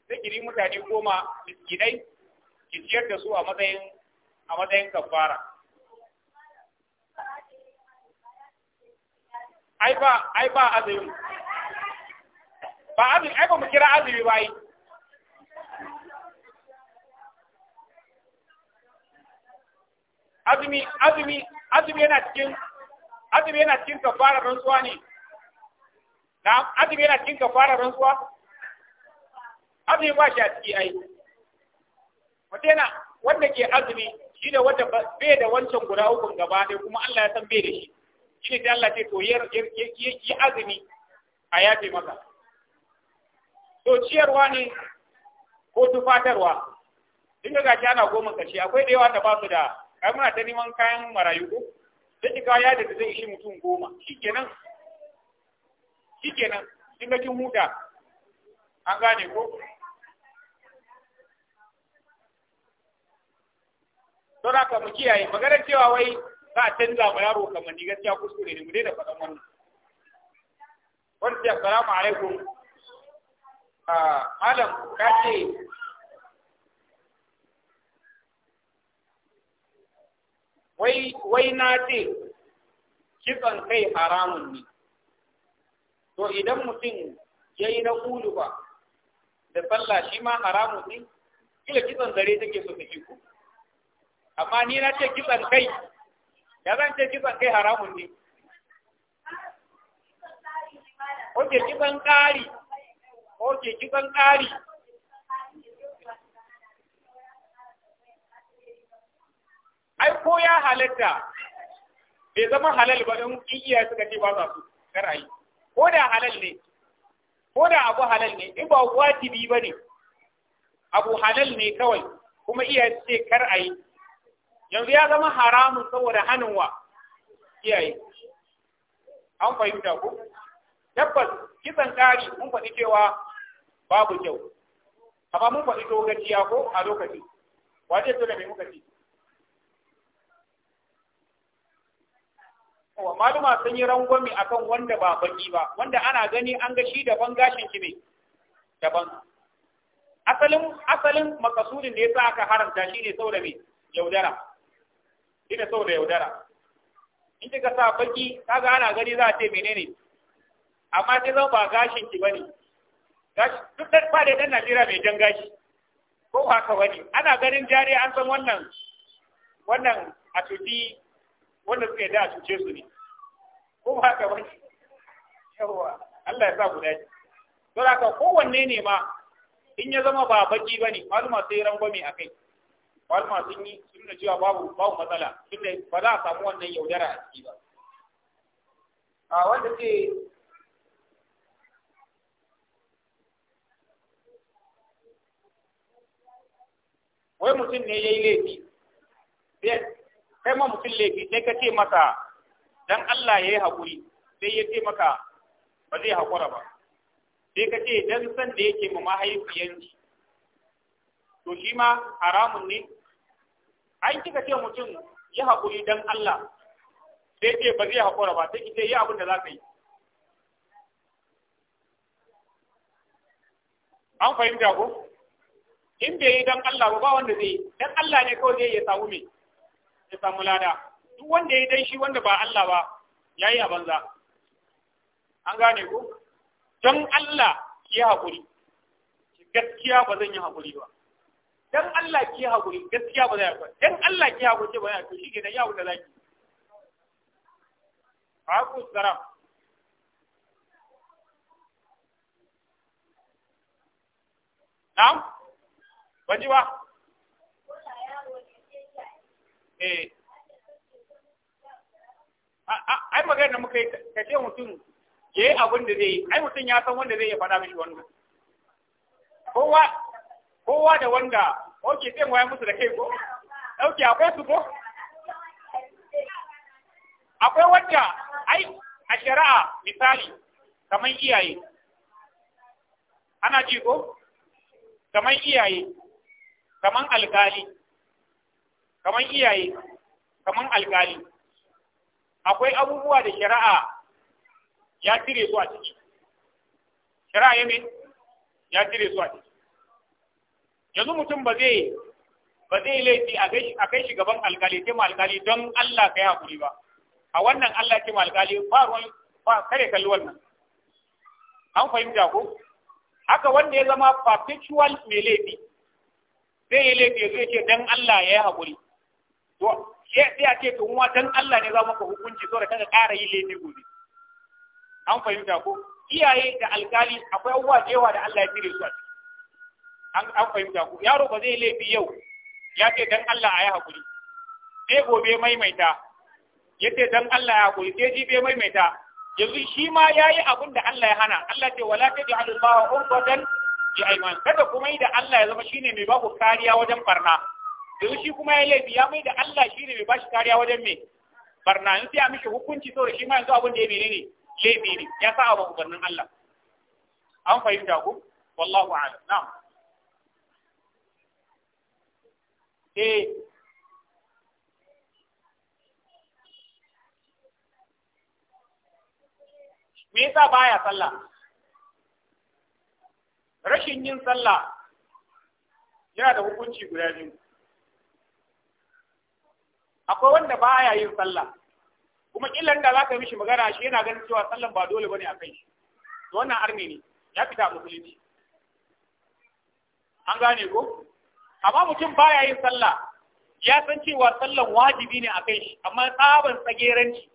sai ki mutane goma miskinai ki ciyar da su a matsayin a matsayin kafara ai ba ai ba azumi ba azumi ai ba mu kira azumi ba yi azumi azumi azumi yana cikin azumi yana cikin kafara rantsuwa ne na azumi yana cikin kafara rantsuwa azumi ba shi a ciki ai wata yana wanda ke azumi shi da wanda bai da wancan guda ukun gaba ɗaya kuma Allah ya san bai da shi shi ne sai Allah ce to yi azumi a yafe maka to ciyarwa ne ko tufatarwa dinga gashi ana goma kashi akwai da yawa da ba su da ai muna ta neman kayan marayu ko sai ki kawo da zai ishi mutum goma shikenan shikenan shi ga kin huta an gane ko don haka mu kiyaye maganar cewa wai za a canza ma yaro kamanni gaskiya kuskure ne mu daina faɗan wannan wanda ya salamu alaikum ah, malam ka ce wai wai na ce kitson kai haramun ne to idan mutum ya yi na kulu ba da sallah shi ma haramun ne kila kitson zare take so take ku amma ni na ce kitson kai ya zan ce kitson kai haramun ne Oke kitson ƙari, oke kitson ƙari, ai ko ya halatta bai zama halal ba in iyaye suka ce ba za su kar ayi ko da halal ne ko da abu halal ne in ba wajibi ba ne abu halal ne kawai kuma iya ce kar ayi yanzu ya zama haramun saboda hannun wa iyaye an fahimta ku tabbas kisan ƙari mun faɗi cewa babu kyau amma mun faɗi to gaciya ko a lokaci wace to da me muka ci maluma sun yi rangwami akan wanda ba baki ba wanda ana gani an ga shi daban gashin shi ne daban asalin asalin makasudin da yasa aka haramta shi ne saboda me yaudara shi ne saboda yaudara in kika sa baki kaga ana gani za a ce menene amma sai zan ba gashin ki bane gashi duk da ba da dan Najeriya mai jan gashi ko haka wani ana ganin jari an san wannan wannan a tuti wanda suka yadda a cuce su ne ko ba haka ba yawa Allah ya sa guda ji to haka kowanne ne ma in ya zama ba baki ba ne maluma sai rangwame a kai maluma sun yi sun da cewa babu babu matsala da ba za a samu wannan yaudara a ciki ba a wanda ce wai mutum ne ya yi laifi kai ma mutum laifi sai ka ce masa dan Allah ya yi haƙuri sai ya ce maka ba zai haƙura ba sai ka ce dan san da yake ma mahaifiyanci to shi ma haramun ne An kika ce mutum ya haƙuri dan Allah sai ce ba zai haƙura ba sai ki yi abin da za ka yi an fahimta ko in bai yi dan Allah ba ba wanda zai yi. dan Allah ne kawai zai ya samu me ya samu lada duk wanda ya dai shi wanda ba Allah ba ya yi a banza an gane ku. don Allah ki hakuri gaskiya ba zan yi hakuri ba Don Allah ki hakuri gaskiya ba zan yi don Allah ki hakuri ba zan yi shi ke da yawon da zaki Aku salam Na'am? Ban ji ba? eh ai magana da muka yi ka ce mutum ya yi abin da zai yi ai mutum ya san wanda zai ya faɗa mishi wannan kowa kowa da wanda oke zai waya musu da kai ko ɗauke akwai su ko akwai wanda ai a shari'a misali kamar iyaye ana ji ko kamar iyaye kamar alkali kamar iyaye kamar alkali akwai abubuwa da shari'a ya cire su a ciki shari'a ya ne ya cire su a ciki yanzu mutum ba zai ba zai laifi a kai shi gaban alkali ce alkali don Allah ka yi hakuri ba a wannan Allah ce alkali ba ruwan ba kare kalli wannan an fahimta ko haka wanda ya zama perpetual mai laifi zai yi laifi ya zai ce don Allah ya yi hakuri to sai a ce tun watan Allah ne za maka hukunci to da kaga ƙara yi laifi gobe an fahimta ko iyaye da alkali akwai abubuwa da da Allah ya tsire su a an fahimta ko yaro ba zai laifi yau ya ce dan Allah a yi hakuri sai gobe maimaita ya ce dan Allah ya hakuri sai jibe maimaita yanzu shi ma ya yi abin da Allah ya hana Allah ce wala ta ji'alu Allah urfatan li kada kuma yi da Allah ya zama shine mai baku kariya wajen barna da shi kuma ya laifi ya mai da Allah shi ne mai bashi kariya wajen mai barna in sai mishi hukunci saboda shi ma yanzu abin da ya mene ne laifi ne ya sa abu barnan Allah an fahimta ku wallahu a'lam na'am eh me yasa baya sallah rashin yin sallah yana da hukunci guda biyu akwai wanda baya yin sallah kuma kilan da zaka mishi magana shi yana ganin cewa sallan ba dole bane a kai shi to wannan arne ne ya fita musulunci an gane ko amma mutum baya yin sallah ya san cewa sallan wajibi ne a kai shi amma tsaban tsageranci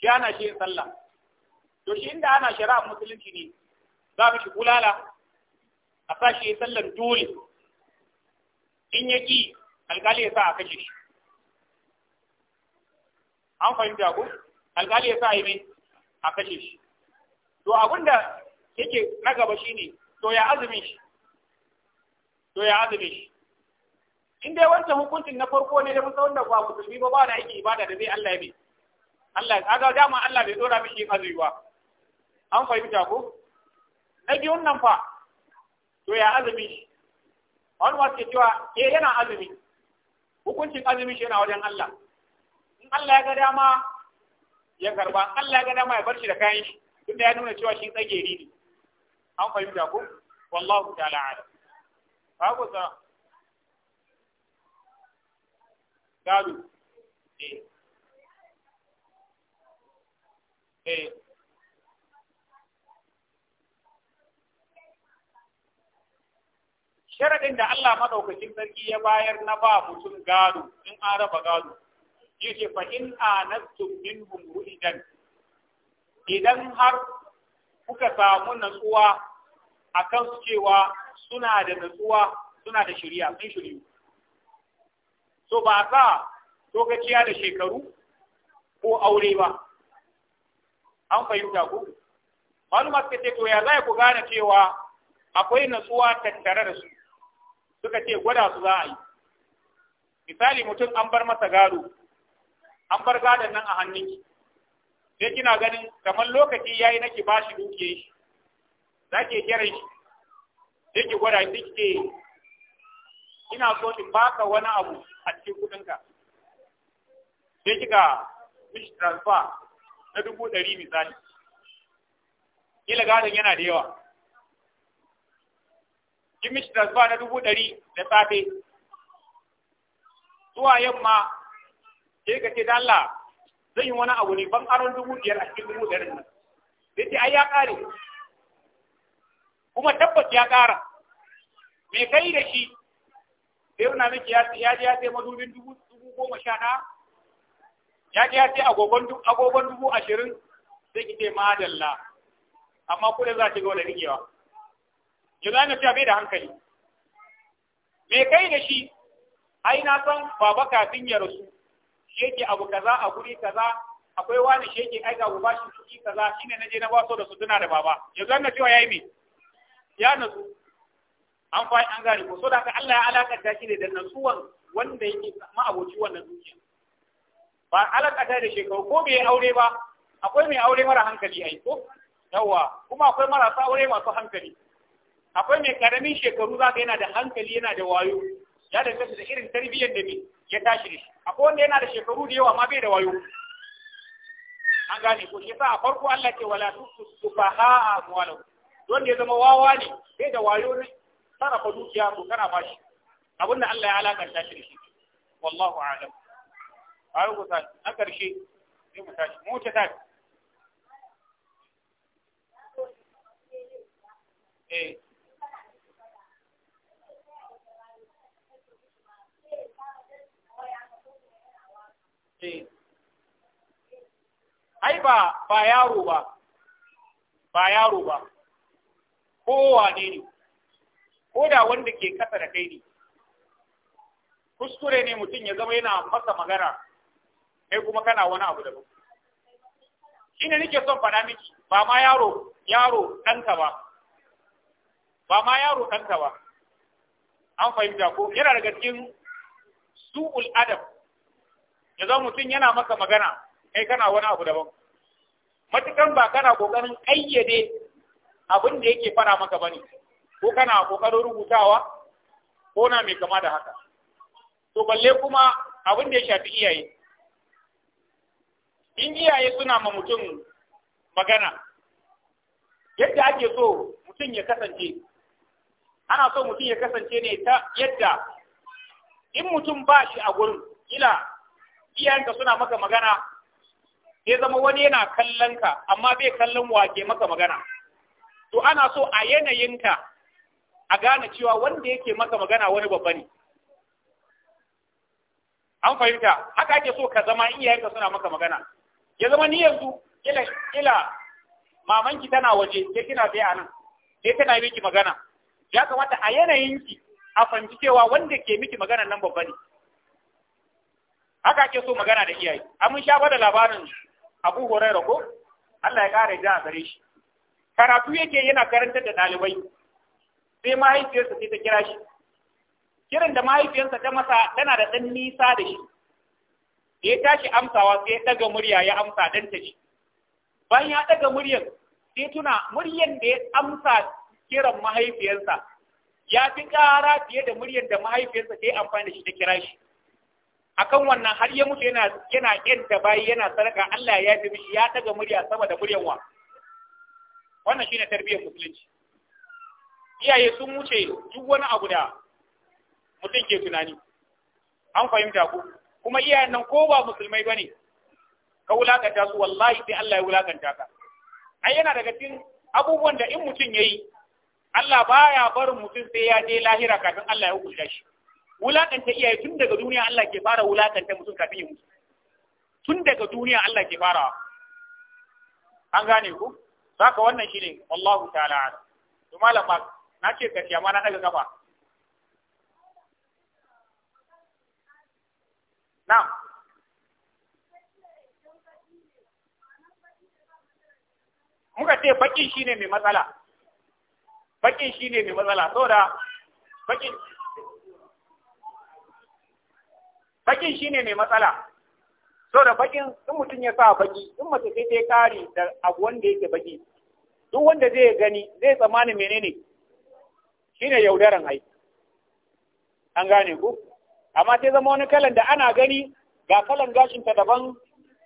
shi ana shi yin sallah to shi inda ana shari'a musulunci ne za mu shi kulala a sa shi sallan dole in ya ki alkali ya sa a kashe shi an fahimta ku alƙali ya sa yi mai a kashe shi to abin da yake na gaba shine to ya azumi shi to ya azumi shi in dai wancan hukuncin na farko ne da musa da ba musulmi ba ba da yake ibada da zai Allah ya bi Allah ga dama Allah bai dora mishi yin azumi ba an fahimta ko na biyun nan fa to ya azumi shi wani wasu cewa eh yana azumi hukuncin azumi shi yana wajen Allah in Allah ya ga dama ya karba Allah ya ga dama ya bar shi da kayan shi tunda ya nuna cewa shi tsageri ne an fahimta ko wallahu ta'ala ala ba ku sa galu eh eh sharaɗin da Allah maɗaukacin sarki ya bayar na ba mutum gado in an raba gado yake fa in anastum minhum ru'idan idan har kuka samu natsuwa akan su cewa suna da natsuwa suna da shirya sun shiryu so ba sa lokaciya da shekaru ko aure ba an fahimta ku malumar suka ce to ya za ku gane cewa akwai natsuwa tattare da su suka ce gwada su za a yi misali mutum an bar masa gado an bar gadon nan a hannunki sai kina ganin kamar lokaci yayi nake ba shi dukiyar shi za ki kira shi sai ki gwada shi ki ina so in baka wani abu a cikin kudinka sai kika mishi transfer na dubu ɗari misali kila gadon yana da yawa kin mishi transfer na dubu ɗari da safe zuwa yamma sai ka ce da Allah zan yi wani abu ne ban aron dubu biyar a cikin dubu biyar nan sai ce ai ya kare kuma tabbas ya kara me kai da shi sai yana nake ya ya je ya sai madubin dubu dubu goma sha ɗaya ya ce ya sai agogon dubu agogon dubu ashirin sai ki ce madalla amma kuɗin za ta ga wani rigewa yanzu ana cewa bai da hankali me kai da shi ai na san baba kafin ya rasu sheke abu kaza a guri kaza akwai wani shi yake aika abu bashi shi kaza shine naje na so da su tuna da baba yanzu an cewa yayi me ya nasu an fa an gane ko so da ka Allah ya alakanta shi ne da nasuwan wanda yake aboci wannan dukiya ba alakanta da shekaru ko bai aure ba akwai mai aure mara hankali ai ko yawa kuma akwai marasa aure masu hankali akwai mai karamin shekaru zaka yana da hankali yana da wayo ya danganta da irin tarbiyyar da ne ya tashi shi akwai wanda yana da shekaru da yawa amma bai da wayo an gane ko shi sa a farko Allah ke wala tusufaha amwalo wanda ya zama wawa ne bai da wayo ne sarrafa dukiya ko kana bashi abinda Allah ya alakanta shi da shi wallahu a'lam ayo ku sai a karshe sai ku tashi mu ta tashi eh Eh. ai ba ba yaro ba ba yaro ba kowa ne ne ko da wanda ke kasa da kai ne kuskure ne mutum ya zama yana masa magana kai kuma kana wani abu daban shi ne nake son faɗa miki ba ma yaro yaro ɗanka ba ba ma yaro ɗanka ba an fahimta ko yana daga cikin su'ul adab ya zama mutum yana maka magana kai kana wani abu daban matukan ba kana kokarin ƙayyade abin da yake fara maka bane ko kana kokarin rubutawa ko na mai kama da haka to balle kuma abin da ya shafi iyaye in iyaye suna ma mutum magana yadda ake so mutum ya kasance ana so mutum ya kasance ne ta yadda in mutum ba shi a gurin kila iyayenka suna maka magana ya zama wani yana kallon ka amma bai kallon wake maka magana to ana so a yanayinka a gane cewa wanda yake maka magana wani babba ne an fahimta haka ake so ka zama iyayenka suna maka magana ya zama ni yanzu kila kila mamanki tana waje ke kina bai anan sai tana miki magana ya kamata a yanayinki a fahimci cewa wanda ke miki magana nan babba ne haka ake so magana da iyaye mun sha bada labarin abu huraira ko Allah ya kare ja a gare shi karatu yake yana karantar da ɗalibai sai mahaifiyarsa sai ta kira shi kiran da mahaifiyarsa ta masa tana da ɗan nisa da shi ya tashi amsawa sai ya ɗaga murya ya amsa dan ta ci. bayan ya ɗaga muryar sai tuna muryar da ya amsa kiran mahaifiyarsa ya fi ƙara fiye da muryar da mahaifiyarsa ta yi amfani da shi ta kira shi akan wannan har ya mutu yana yana kenta bayi yana sadaka Allah ya yafi mishi ya daga murya sama da muryan wa wannan shine tarbiyyar musulunci iyaye sun wuce duk wani abu da mutum ke tunani an fahimta ku kuma iyayen nan ko ba musulmai bane ka wulakanta su wallahi sai Allah ya wulakanta ka ai yana daga cikin abubuwan da in mutum yayi Allah baya barin mutum sai ya je lahira kafin Allah ya hukunta shi wulakanta iyaye tun daga duniya Allah ke fara wulakanta mutum kafin ya mutu tun daga duniya Allah ke fara an gane ku saka wannan shine Allahu ta'ala to malam ma na ce ka amma na daga kafa na'am muka ce bakin shine mai matsala bakin shine mai matsala saboda bakin bakin shine mai matsala so da bakin in mutum ya sa baki in mace sai dai kari da abu wanda yake baki duk wanda zai gani zai tsammanin menene shine yaudaran ai an gane ku amma sai zama wani kalan da ana gani ga kalan gashinta daban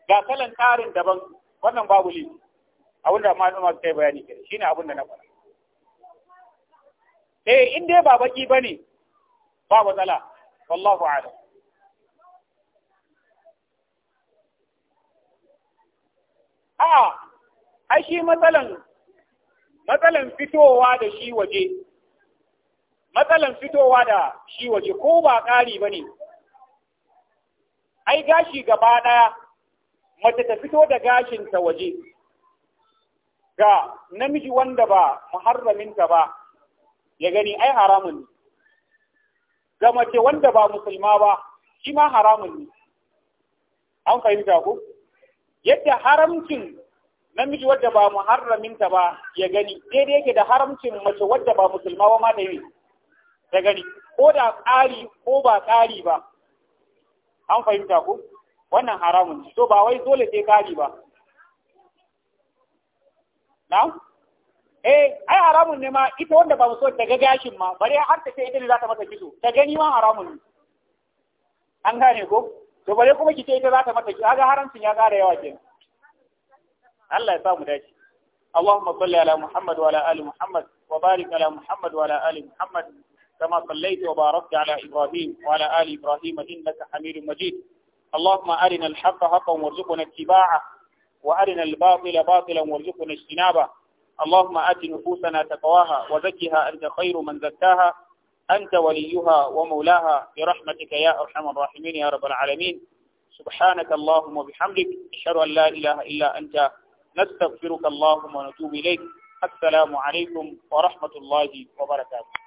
ga kalan tsarin daban wannan babu li abin da zama su kai bayani ke shine abin da na faɗa eh in dai ba baki bane ba matsala wallahu a'lam a ai shi matsalan matsalan fitowa da shi waje matsalan fitowa da shi waje ko ba ƙari ba ne ai gashi gaba ɗaya mace ta fito da gashinta waje ga namiji wanda ba muharraminta ba ya gani ai haramun ne ga mace wanda ba musulma ba shi ma haramun ne an fahimta ku yadda haramcin namiji wadda ba muharraminta ba ya gani daidai yake da haramcin mace wadda ba musulma ba ma da yi ya gani ko da ƙari ko ba ƙari ba an fahimta ku wannan haramun ne to ba wai dole sai ƙari ba na eh ai haramun ne ma ita wanda ba musulma daga gashin ma bare har ta ce ita ne za ta masa kiso ta gani ma haramun ne an gane ko to bare kuma kike ita zaka mata ki ga harancin ya gara yawa Allah ya sa mu dace Allahumma salli ala Muhammad wa ala ali Muhammad wa Muhammad wa ala ali Muhammad kama sallaita wa Ibrahim wa ala ali Ibrahim innaka Hamidum Majid Allahumma arina al-haqqa haqqan warzuqna ittiba'a wa arina al-batila batilan warzuqna ijtinaba Allahumma ati nufusana taqwaha wa zakkiha anta khayru أنت وليها ومولاها برحمتك يا أرحم الراحمين يا رب العالمين سبحانك اللهم وبحمدك أشهد أن لا إله إلا أنت نستغفرك اللهم ونتوب إليك السلام عليكم ورحمة الله وبركاته